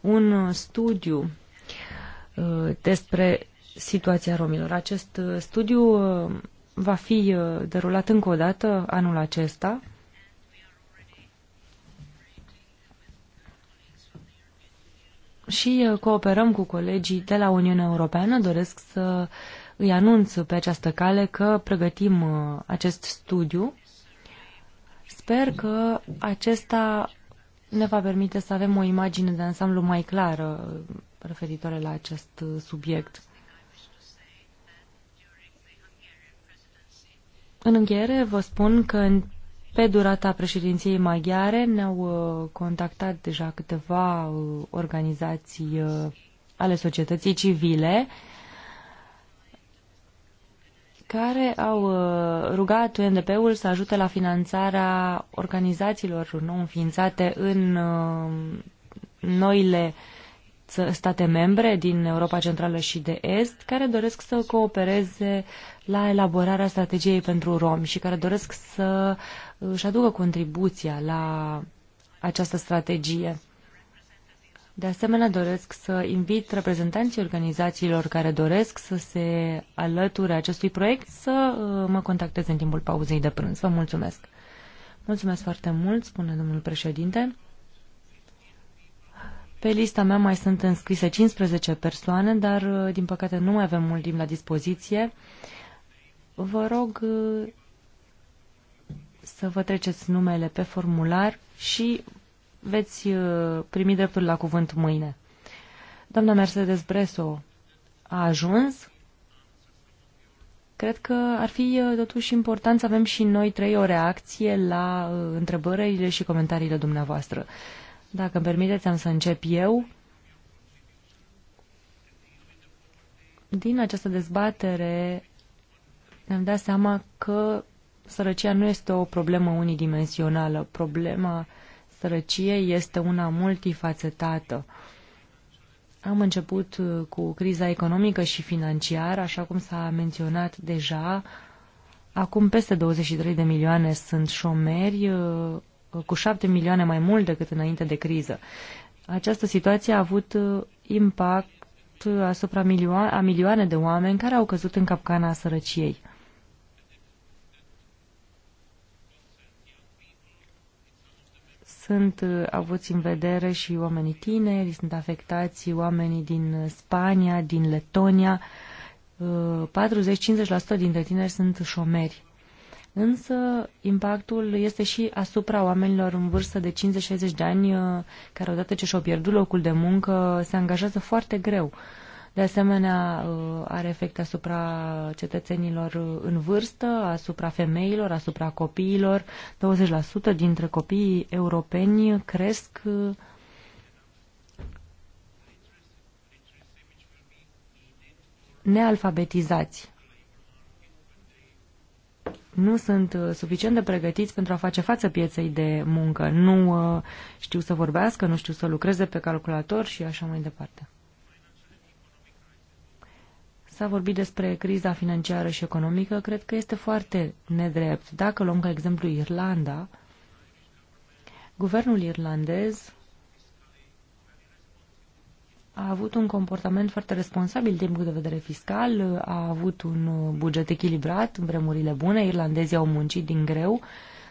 un studiu despre situația romilor. Acest studiu va fi derulat încă o dată anul acesta și uh, cooperăm cu colegii de la Uniunea Europeană. Doresc să îi anunț pe această cale că pregătim uh, acest studiu. Sper că acesta ne va permite să avem o imagine de ansamblu mai clară referitoare la acest uh, subiect. În încheiere vă spun că în pe durata președinției maghiare ne-au uh, contactat deja câteva uh, organizații uh, ale societății civile care au rugat UNDP-ul să ajute la finanțarea organizațiilor nou înființate în noile state membre din Europa Centrală și de Est care doresc să coopereze la elaborarea strategiei pentru romi și care doresc să își aducă contribuția la această strategie. De asemenea, doresc să invit reprezentanții organizațiilor care doresc să se alăture acestui proiect să uh, mă contacteze în timpul pauzei de prânz. Vă mulțumesc! Mulțumesc foarte mult, spune domnul președinte. Pe lista mea mai sunt înscrise 15 persoane, dar uh, din păcate nu mai avem mult timp la dispoziție. Vă rog uh, să vă treceți numele pe formular și veți uh, primi dreptul la cuvânt mâine. Doamna Mercedes Breso a ajuns. Cred că ar fi uh, totuși important să avem și noi trei o reacție la uh, întrebările și comentariile dumneavoastră. Dacă îmi permiteți, am să încep eu. Din această dezbatere ne-am dat seama că sărăcia nu este o problemă unidimensională. Problema sărăciei este una multifacetată. Am început uh, cu criza economică și financiară, așa cum s-a menționat deja. Acum peste 23 de milioane sunt șomeri, uh, cu 7 milioane mai mult decât înainte de criză. Această situație a avut uh, impact asupra milioane, a milioane de oameni care au căzut în capcana sărăciei. Sunt uh, avuți în vedere și oamenii tineri, sunt afectați oamenii din uh, Spania, din Letonia. 40-50% uh, dintre tineri sunt șomeri. Însă impactul este și asupra oamenilor în vârstă de 50-60 de ani, care odată ce și-au pierdut locul de muncă, se angajează foarte greu. Uh, de asemenea, uh, are efect asupra cetățenilor uh, în vârstă, asupra femeilor, asupra copiilor. 20% dintre copiii europeni cresc uh, nealfabetizați. Nu sunt suficient de pregătiți pentru a face față pieței de muncă. Nu știu să vorbească, nu știu să lucreze pe calculator și așa mai departe. S-a vorbit despre criza financiară și economică. Cred că este foarte nedrept. Dacă luăm ca exemplu Irlanda, guvernul irlandez a avut un comportament foarte responsabil din punct de vedere fiscal, a avut un buget echilibrat în vremurile bune, irlandezii au muncit din greu,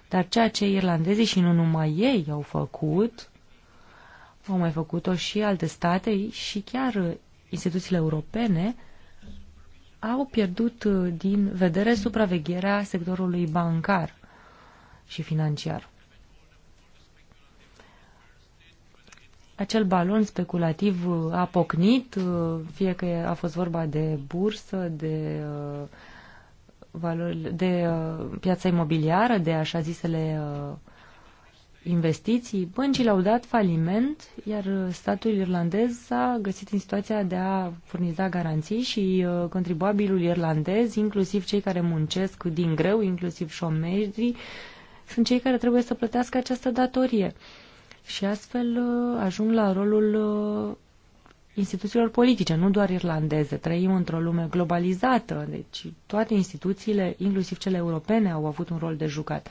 dar ceea ce irlandezii și nu numai ei au făcut, au mai făcut-o și alte state și chiar instituțiile europene, au pierdut uh, din vedere supravegherea sectorului bancar și financiar. Acel balon speculativ uh, a pocnit, uh, fie că a fost vorba de bursă, de, valori, de piața imobiliară, de așa zisele investiții, băncile au dat faliment, iar statul irlandez s-a găsit în situația de a furniza garanții și uh, contribuabilul irlandez, inclusiv cei care muncesc din greu, inclusiv șomerii, sunt cei care trebuie să plătească această datorie. Și astfel uh, ajung la rolul uh, instituțiilor politice, nu doar irlandeze. Trăim într-o lume globalizată, deci toate instituțiile, inclusiv cele europene, au avut un rol de jucat.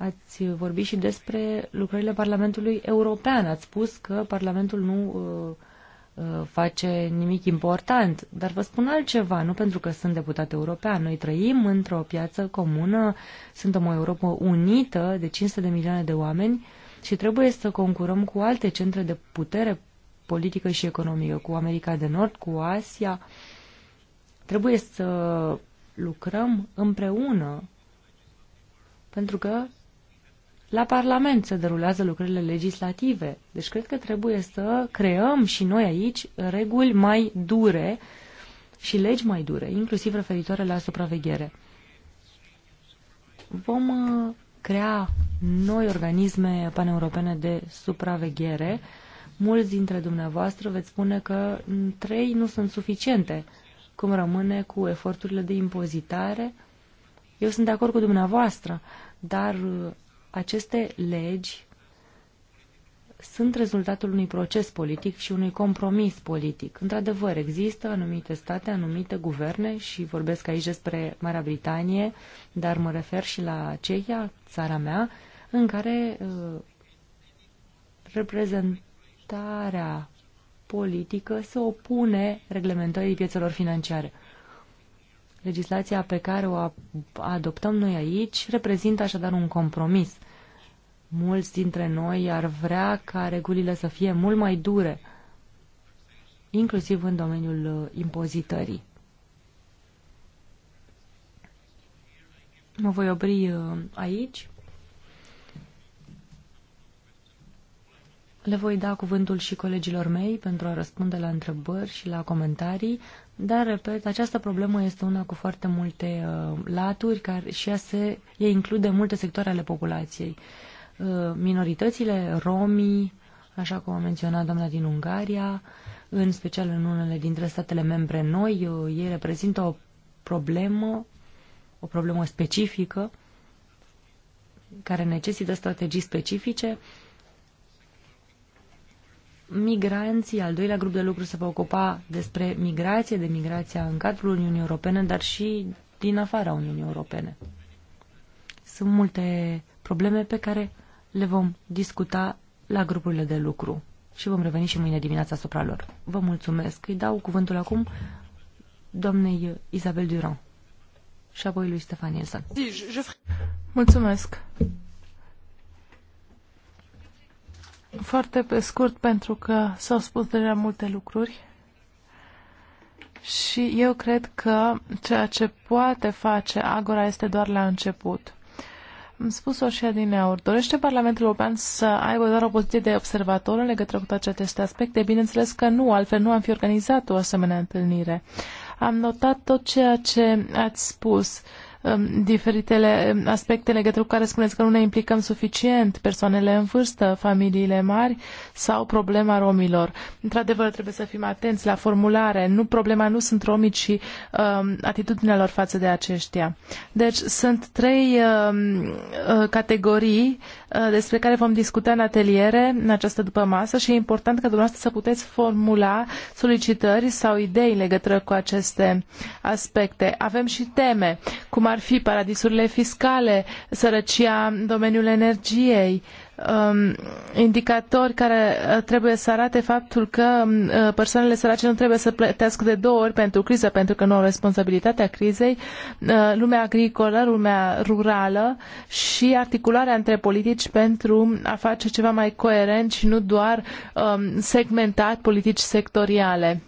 Ați vorbit și despre lucrările Parlamentului European. Ați spus că Parlamentul nu uh, uh, face nimic important, dar vă spun altceva, nu pentru că sunt deputat european. Noi trăim într-o piață comună, suntem o Europa unită de 500 de milioane de oameni și trebuie să concurăm cu alte centre de putere politică și economică, cu America de Nord, cu Asia. Trebuie să lucrăm împreună pentru că la Parlament se derulează lucrările legislative, deci cred că trebuie să creăm și noi aici reguli mai dure și legi mai dure, inclusiv referitoare la supraveghere. Vom uh, crea noi organisme paneuropene de supraveghere. Mulți dintre dumneavoastră veți spune că trei nu sunt suficiente, cum rămâne cu eforturile de impozitare. Eu sunt de acord cu dumneavoastră, dar uh, aceste legi sunt rezultatul unui proces politic și unui compromis politic. Într-adevăr, există anumite state, anumite guverne și vorbesc aici despre Marea Britanie, dar mă refer și la Cehia, țara mea, în care uh, reprezentarea politică se opune reglementării piețelor financiare. Legislația pe care o adoptăm noi aici reprezintă așadar un compromis Mulți dintre noi ar vrea ca regulile să fie mult mai dure, inclusiv în domeniul uh, impozitării. Mă voi opri uh, aici. Le voi da cuvântul și colegilor mei pentru a răspunde la întrebări și la comentarii, dar, repet, această problemă este una cu foarte multe uh, laturi care și ea, se, ea include multe sectoare ale populației. Uh, Uh, minoritățile, romii, așa cum a menționat doamna din Ungaria, în special în unele dintre statele membre noi, uh, ei reprezintă o problemă, o problemă specifică, care necesită strategii specifice. Migranții, al doilea grup de lucru se va ocupa despre migrație, de migrația în cadrul Uniunii Europene, dar și din afara Uniunii Europene. Sunt multe probleme pe care le vom discuta la grupurile de lucru și vom reveni și mâine dimineața asupra lor. Vă mulțumesc. Îi dau cuvântul acum doamnei Isabel Durand și apoi lui Stefan Nielsen. Mulțumesc. Foarte pe scurt, pentru că s-au spus deja multe lucruri și eu cred că ceea ce poate face Agora este doar la început. Am spus-o și adineauri. Dorește Parlamentul European să aibă doar o poziție de observator în legătură cu toate aceste aspecte? Bineînțeles că nu, altfel nu am fi organizat o asemenea întâlnire. Am notat tot ceea ce ați spus. Uh, Um, diferitele um, aspecte legături cu care spuneți că nu ne implicăm suficient persoanele în vârstă, familiile mari sau problema romilor. Într-adevăr, trebuie să fim atenți la formulare. Nu, problema nu sunt romii, ci um, atitudinea lor față de aceștia. Deci sunt trei um, uh, categorii Uh, despre care vom discuta în ateliere în această după masă și e important ca dumneavoastră să puteți formula solicitări sau idei în legătură cu aceste aspecte. Avem și teme, cum ar fi paradisurile fiscale, sărăcia în domeniul energiei, uh, um, indicatori care uh, trebuie să arate faptul că um, uh, persoanele sărace nu trebuie să plătească de două ori pentru criză, pentru că nu au responsabilitatea crizei, uh, lumea agricolă, lumea rurală și articularea între politici pentru a face ceva mai coerent și nu doar um, segmentat politici sectoriale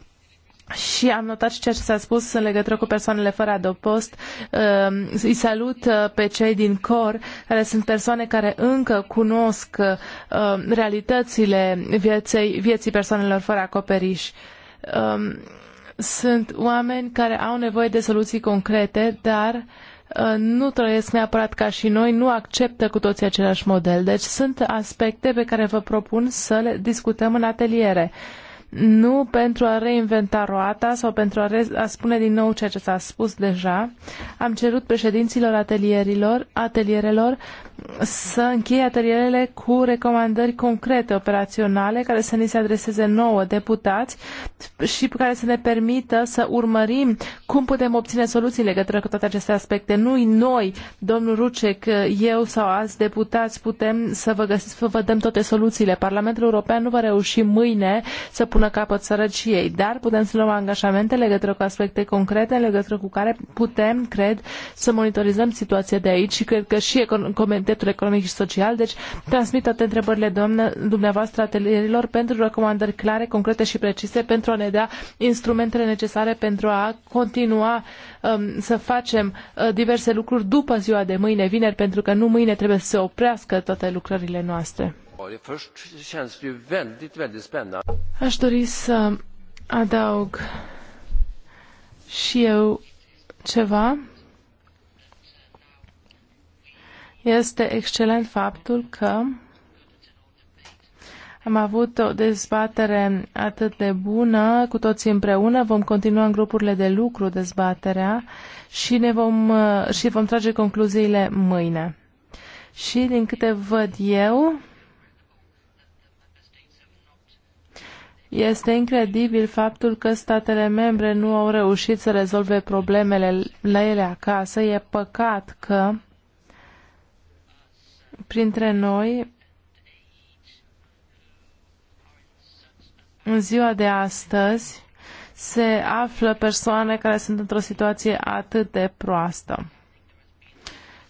și am notat și ceea ce s-a spus în legătură cu persoanele fără adăpost. Ehm, îi salut eh, pe cei din cor, care sunt persoane care încă cunosc ehm, realitățile vieței, vieții persoanelor fără acoperiș. Ehm, sunt oameni care au nevoie de soluții concrete, dar eh, nu trăiesc neapărat ca și noi, nu acceptă cu toții același model. Deci sunt aspecte pe care vă propun să le discutăm în ateliere nu pentru a reinventa roata sau pentru a, a spune din nou ceea ce s-a spus deja. Am cerut președinților atelierilor, atelierelor să încheie atelierele cu recomandări concrete, operaționale, care să ni se adreseze nouă deputați și care să ne permită să urmărim cum putem obține soluții legătură cu toate aceste aspecte. Nu noi, domnul Rucec, eu sau alți deputați putem să vă, găsi, să vă dăm toate soluțiile. Parlamentul European nu va reuși mâine să pună capăt sărăciei, dar putem să luăm angajamente legătură cu aspecte concrete, legătură cu care putem, cred, să monitorizăm situația de aici și cred că și comentariul Comitetul Economic și Social. Deci transmit toate întrebările doamnă, dumneavoastră atelierilor pentru recomandări clare, concrete și precise pentru a ne da instrumentele necesare pentru a continua um, să facem uh, diverse lucruri după ziua de mâine, vineri, pentru că nu mâine trebuie să se oprească toate lucrările noastre. Aș dori să adaug și eu ceva este excelent faptul că am avut o dezbatere atât de bună, cu toții împreună. Vom continua în grupurile de lucru dezbaterea și, ne vom, și vom trage concluziile mâine. Și, din câte văd eu, Este incredibil faptul că statele membre nu au reușit să rezolve problemele la ele acasă. E păcat că printre noi în ziua de astăzi se află persoane care sunt într-o situație atât de proastă.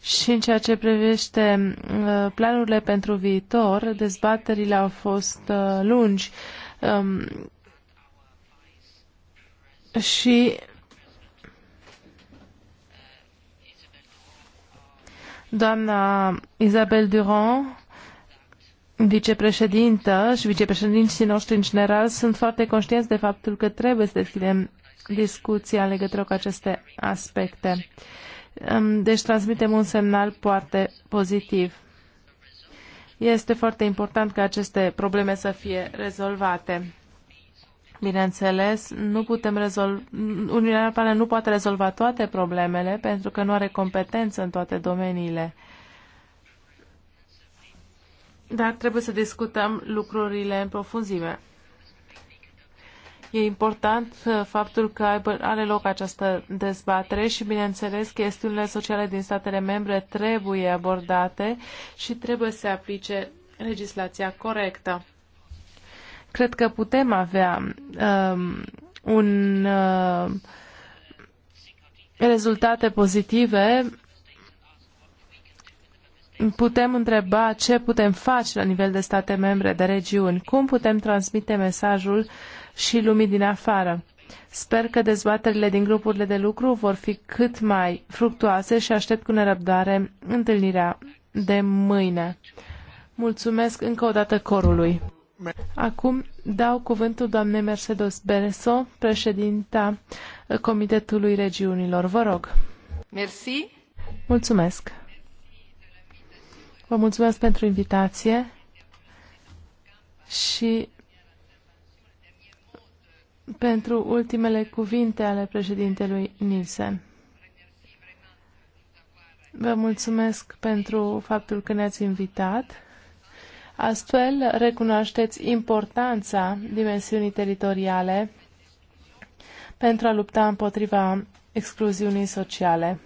Și în ceea ce privește uh, planurile pentru viitor, dezbaterile au fost uh, lungi um, și Doamna Isabel Durand, vicepreședintă și vicepreședinții noștri în general sunt foarte conștienți de faptul că trebuie să deschidem discuția în legătură cu aceste aspecte. Deci transmitem un semnal foarte pozitiv. Este foarte important ca aceste probleme să fie rezolvate. Bineînțeles, nu putem rezolva, Uniunea Europeană nu poate rezolva toate problemele pentru că nu are competență în toate domeniile. Dar trebuie să discutăm lucrurile în profunzime. E important uh, faptul că are loc această dezbatere și, bineînțeles, chestiunile sociale din statele membre trebuie abordate și trebuie să aplice legislația corectă. Cred că putem avea um, un uh, rezultate pozitive putem întreba ce putem face la nivel de state membre, de regiuni, cum putem transmite mesajul și lumii din afară. Sper că dezbaterile din grupurile de lucru vor fi cât mai fructuoase și aștept cu nerăbdare întâlnirea de mâine. Mulțumesc încă o dată corului. Acum dau cuvântul doamnei Mercedes Bereso, președinta Comitetului Regiunilor. Vă rog. Merci. Mulțumesc. Vă mulțumesc pentru invitație și pentru ultimele cuvinte ale președintelui Nielsen. Vă mulțumesc pentru faptul că ne-ați invitat Astfel, recunoașteți importanța dimensiunii teritoriale pentru a lupta împotriva excluziunii sociale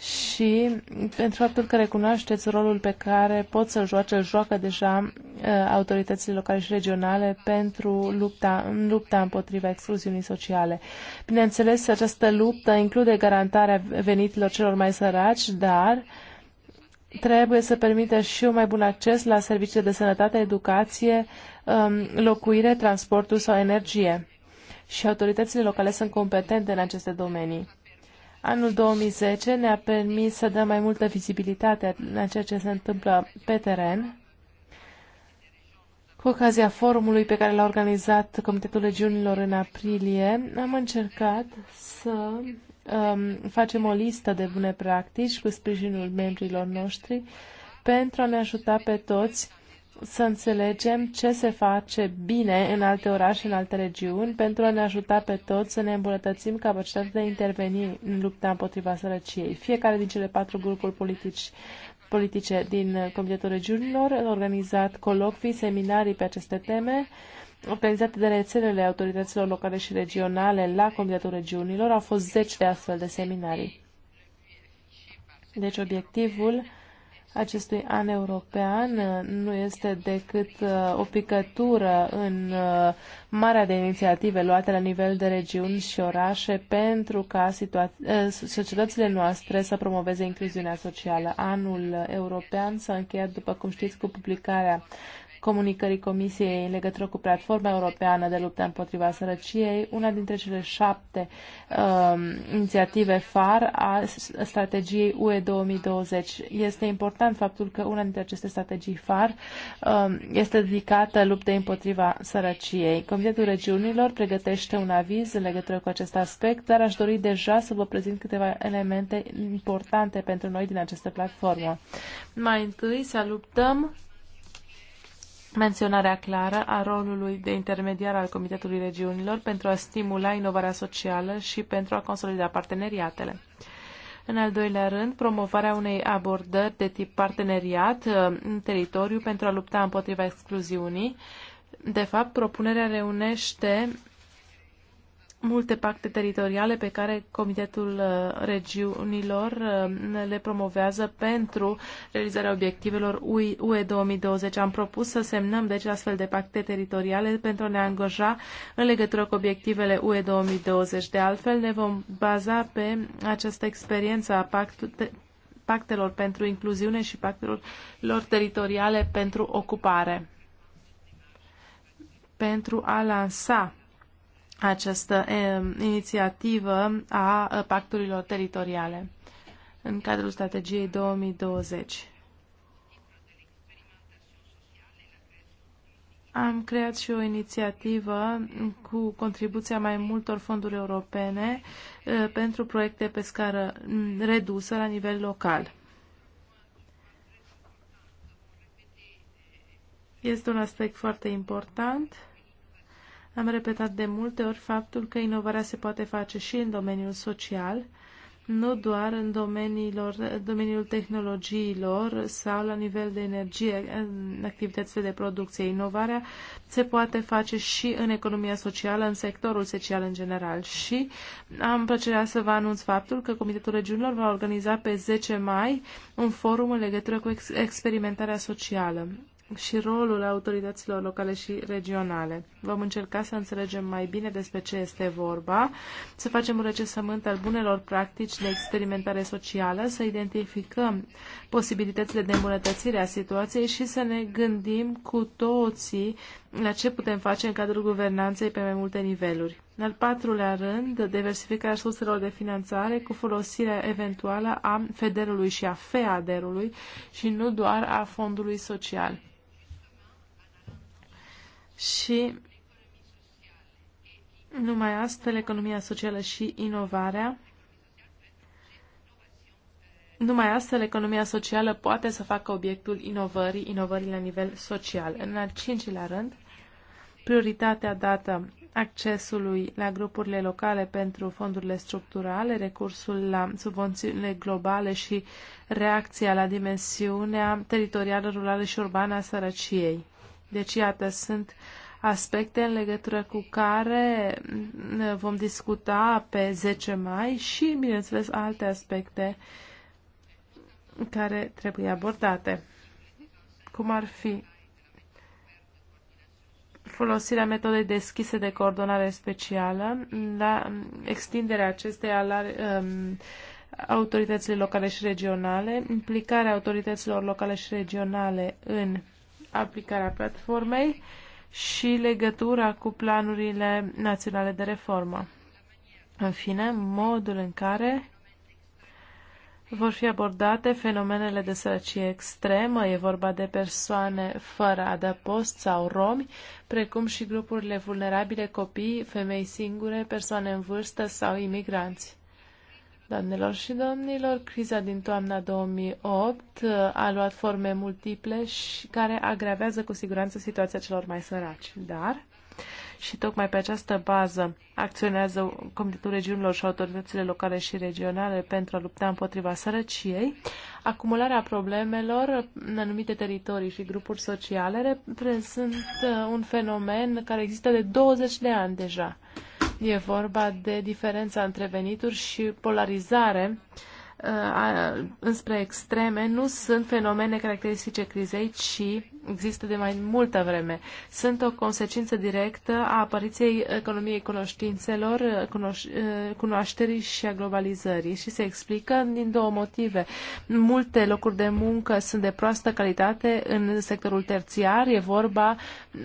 și pentru faptul că recunoașteți rolul pe care pot să-l joace, îl joacă deja uh, autoritățile locale și regionale pentru lupta, în lupta împotriva excluziunii sociale. Bineînțeles, această luptă include garantarea venitilor celor mai săraci, dar uh, trebuie să permită și un mai bun acces la servicii de sănătate, educație, um, locuire, transportul sau energie. Și autoritățile locale sunt competente în aceste domenii. Anul 2010 ne-a permis să dăm mai multă vizibilitate în ceea ce se întâmplă pe teren. Cu ocazia forumului pe care l-a organizat Comitetul Regiunilor în aprilie, am încercat să um, facem o listă de bune practici cu sprijinul membrilor noștri pentru a ne ajuta pe toți să înțelegem ce se face bine în alte orașe, în alte regiuni, pentru a ne ajuta pe toți să ne îmbunătățim capacitatea de a interveni în lupta împotriva sărăciei. Fiecare din cele patru grupuri politici, politice din Comitetul Regiunilor a organizat colocvii, seminarii pe aceste teme organizate de rețelele autorităților locale și regionale la Comitetul Regiunilor, au fost zeci de astfel de seminarii. Deci obiectivul acestui an european uh, nu este decât uh, o picătură în uh, marea de inițiative luate la nivel de regiuni și orașe pentru ca societățile noastre să promoveze incluziunea socială. Anul european s-a încheiat, după cum știți, cu publicarea comunicării Comisiei în legătură cu Platforma Europeană de Luptă împotriva Sărăciei, una dintre cele șapte um, inițiative far a strategiei UE 2020. Este important faptul că una dintre aceste strategii far um, este dedicată luptei împotriva sărăciei. Comitetul Regiunilor pregătește un aviz în legătură cu acest aspect, dar aș dori deja să vă prezint câteva elemente importante pentru noi din această platformă. Mai întâi să luptăm menționarea clară a rolului de intermediar al Comitetului Regiunilor pentru a stimula inovarea socială și pentru a consolida parteneriatele. În al doilea rând, promovarea unei abordări de tip parteneriat uh, în teritoriu pentru a lupta împotriva excluziunii. De fapt, propunerea reunește multe pacte teritoriale pe care Comitetul uh, Regiunilor uh, le promovează pentru realizarea obiectivelor UE 2020. Am propus să semnăm deci astfel de pacte teritoriale pentru a ne angaja în legătură cu obiectivele UE 2020. De altfel, ne vom baza pe această experiență a pactului pactelor pentru incluziune și pactelor lor teritoriale pentru ocupare. Pentru a lansa această inițiativă a pacturilor teritoriale în cadrul strategiei 2020. Am creat și o inițiativă cu contribuția mai multor fonduri europene pentru proiecte pe scară redusă la nivel local. Este un aspect foarte important am repetat de multe ori faptul că inovarea se poate face și în domeniul social, nu doar în domeniilor, domeniul tehnologiilor sau la nivel de energie, în activitățile de producție. Inovarea se poate face și în economia socială, în sectorul social în general. Și am plăcerea să vă anunț faptul că Comitetul Regiunilor va organiza pe 10 mai un forum în legătură cu experimentarea socială și rolul autorităților locale și regionale. Vom încerca să înțelegem mai bine despre ce este vorba, să facem un recensământ al bunelor practici de experimentare socială, să identificăm posibilitățile de îmbunătățire a situației și să ne gândim cu toții la ce putem face în cadrul guvernanței pe mai multe niveluri. În al patrulea rând, diversificarea surselor de finanțare cu folosirea eventuală a federului și a FEADER-ului și nu doar a fondului social și numai astfel economia socială și inovarea numai astfel, economia socială poate să facă obiectul inovării, inovării la nivel social. În al cincilea rând, prioritatea dată accesului la grupurile locale pentru fondurile structurale, recursul la subvențiile globale și reacția la dimensiunea teritorială, rurală și urbană a sărăciei. Deci, iată, sunt aspecte în legătură cu care mm, vom discuta pe 10 mai și, bineînțeles, alte aspecte care trebuie abordate, cum ar fi folosirea metodei deschise de coordonare specială, la mm, extinderea acesteia la um, autoritățile locale și regionale, implicarea autorităților locale și regionale în aplicarea platformei și legătura cu planurile naționale de reformă. În fine, modul în care vor fi abordate fenomenele de sărăcie extremă, e vorba de persoane fără adăpost sau romi, precum și grupurile vulnerabile, copii, femei singure, persoane în vârstă sau imigranți. Doamnelor și domnilor, criza din toamna 2008 a luat forme multiple și care agravează cu siguranță situația celor mai săraci. Dar, și tocmai pe această bază acționează Comitetul Regiunilor și autoritățile locale și regionale pentru a lupta împotriva sărăciei, acumularea problemelor în anumite teritorii și grupuri sociale reprezintă un fenomen care există de 20 de ani deja E vorba de diferența între venituri și polarizare uh, înspre extreme nu sunt fenomene caracteristice crizei, ci există de mai multă vreme. Sunt o consecință directă a apariției economiei cunoștințelor, cunoș- eh, cunoașterii și a globalizării și se explică din două motive. Multe locuri de muncă sunt de proastă calitate în sectorul terțiar, e vorba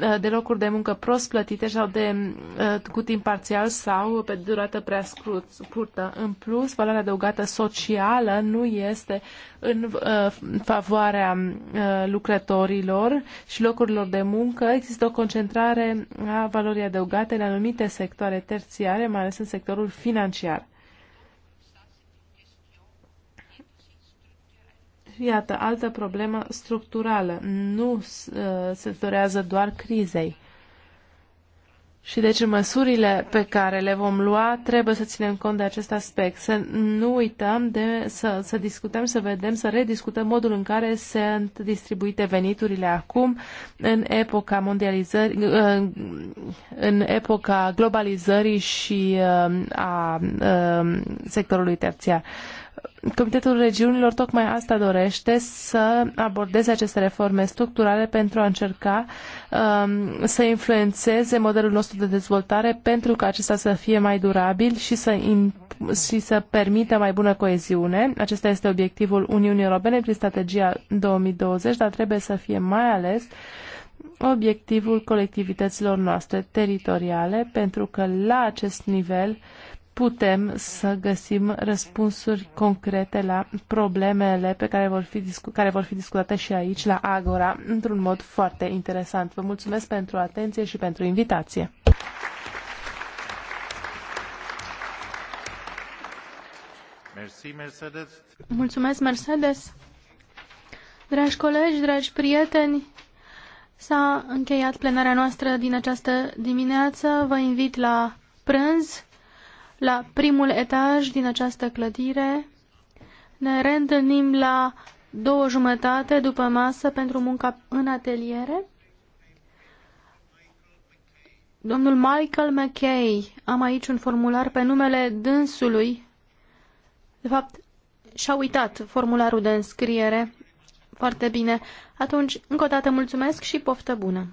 eh, de locuri de muncă prost plătite sau de eh, cu timp parțial sau pe durată prea scurtă. În plus, valoarea adăugată socială nu este în favoarea lucrătorilor lor și locurilor de muncă, există o concentrare a valorii adăugate în anumite sectoare terțiare, mai ales în sectorul financiar. Iată, altă problemă structurală. Nu uh, se dorează doar crizei. Și deci măsurile pe care le vom lua trebuie să ținem cont de acest aspect, să nu uităm de, să, să discutăm, să vedem, să rediscutăm modul în care sunt distribuite veniturile acum în epoca mondializării, în epoca globalizării și um, a um, sectorului terțiar. Comitetul Regiunilor tocmai asta dorește, să abordeze aceste reforme structurale pentru a încerca um, să influențeze modelul nostru de dezvoltare pentru ca acesta să fie mai durabil și să, și să permită mai bună coeziune. Acesta este obiectivul Uniunii Europene prin strategia 2020, dar trebuie să fie mai ales obiectivul colectivităților noastre teritoriale, pentru că la acest nivel uh, putem să găsim răspunsuri concrete la problemele pe care vor fi, discu- care vor fi discutate și aici la Agora într-un mod foarte interesant. Vă mulțumesc pentru atenție și pentru invitație. Merci, Mercedes. Mulțumesc, Mercedes. Dragi colegi, dragi prieteni, s-a încheiat plenarea noastră din această dimineață. Vă invit la prânz. La primul etaj din această clădire ne reîntâlnim la două jumătate după masă pentru munca în ateliere. Domnul Michael McKay, am aici un formular pe numele dânsului. De fapt, și-a uitat formularul de înscriere. Foarte bine. Atunci, încă o dată mulțumesc și poftă bună!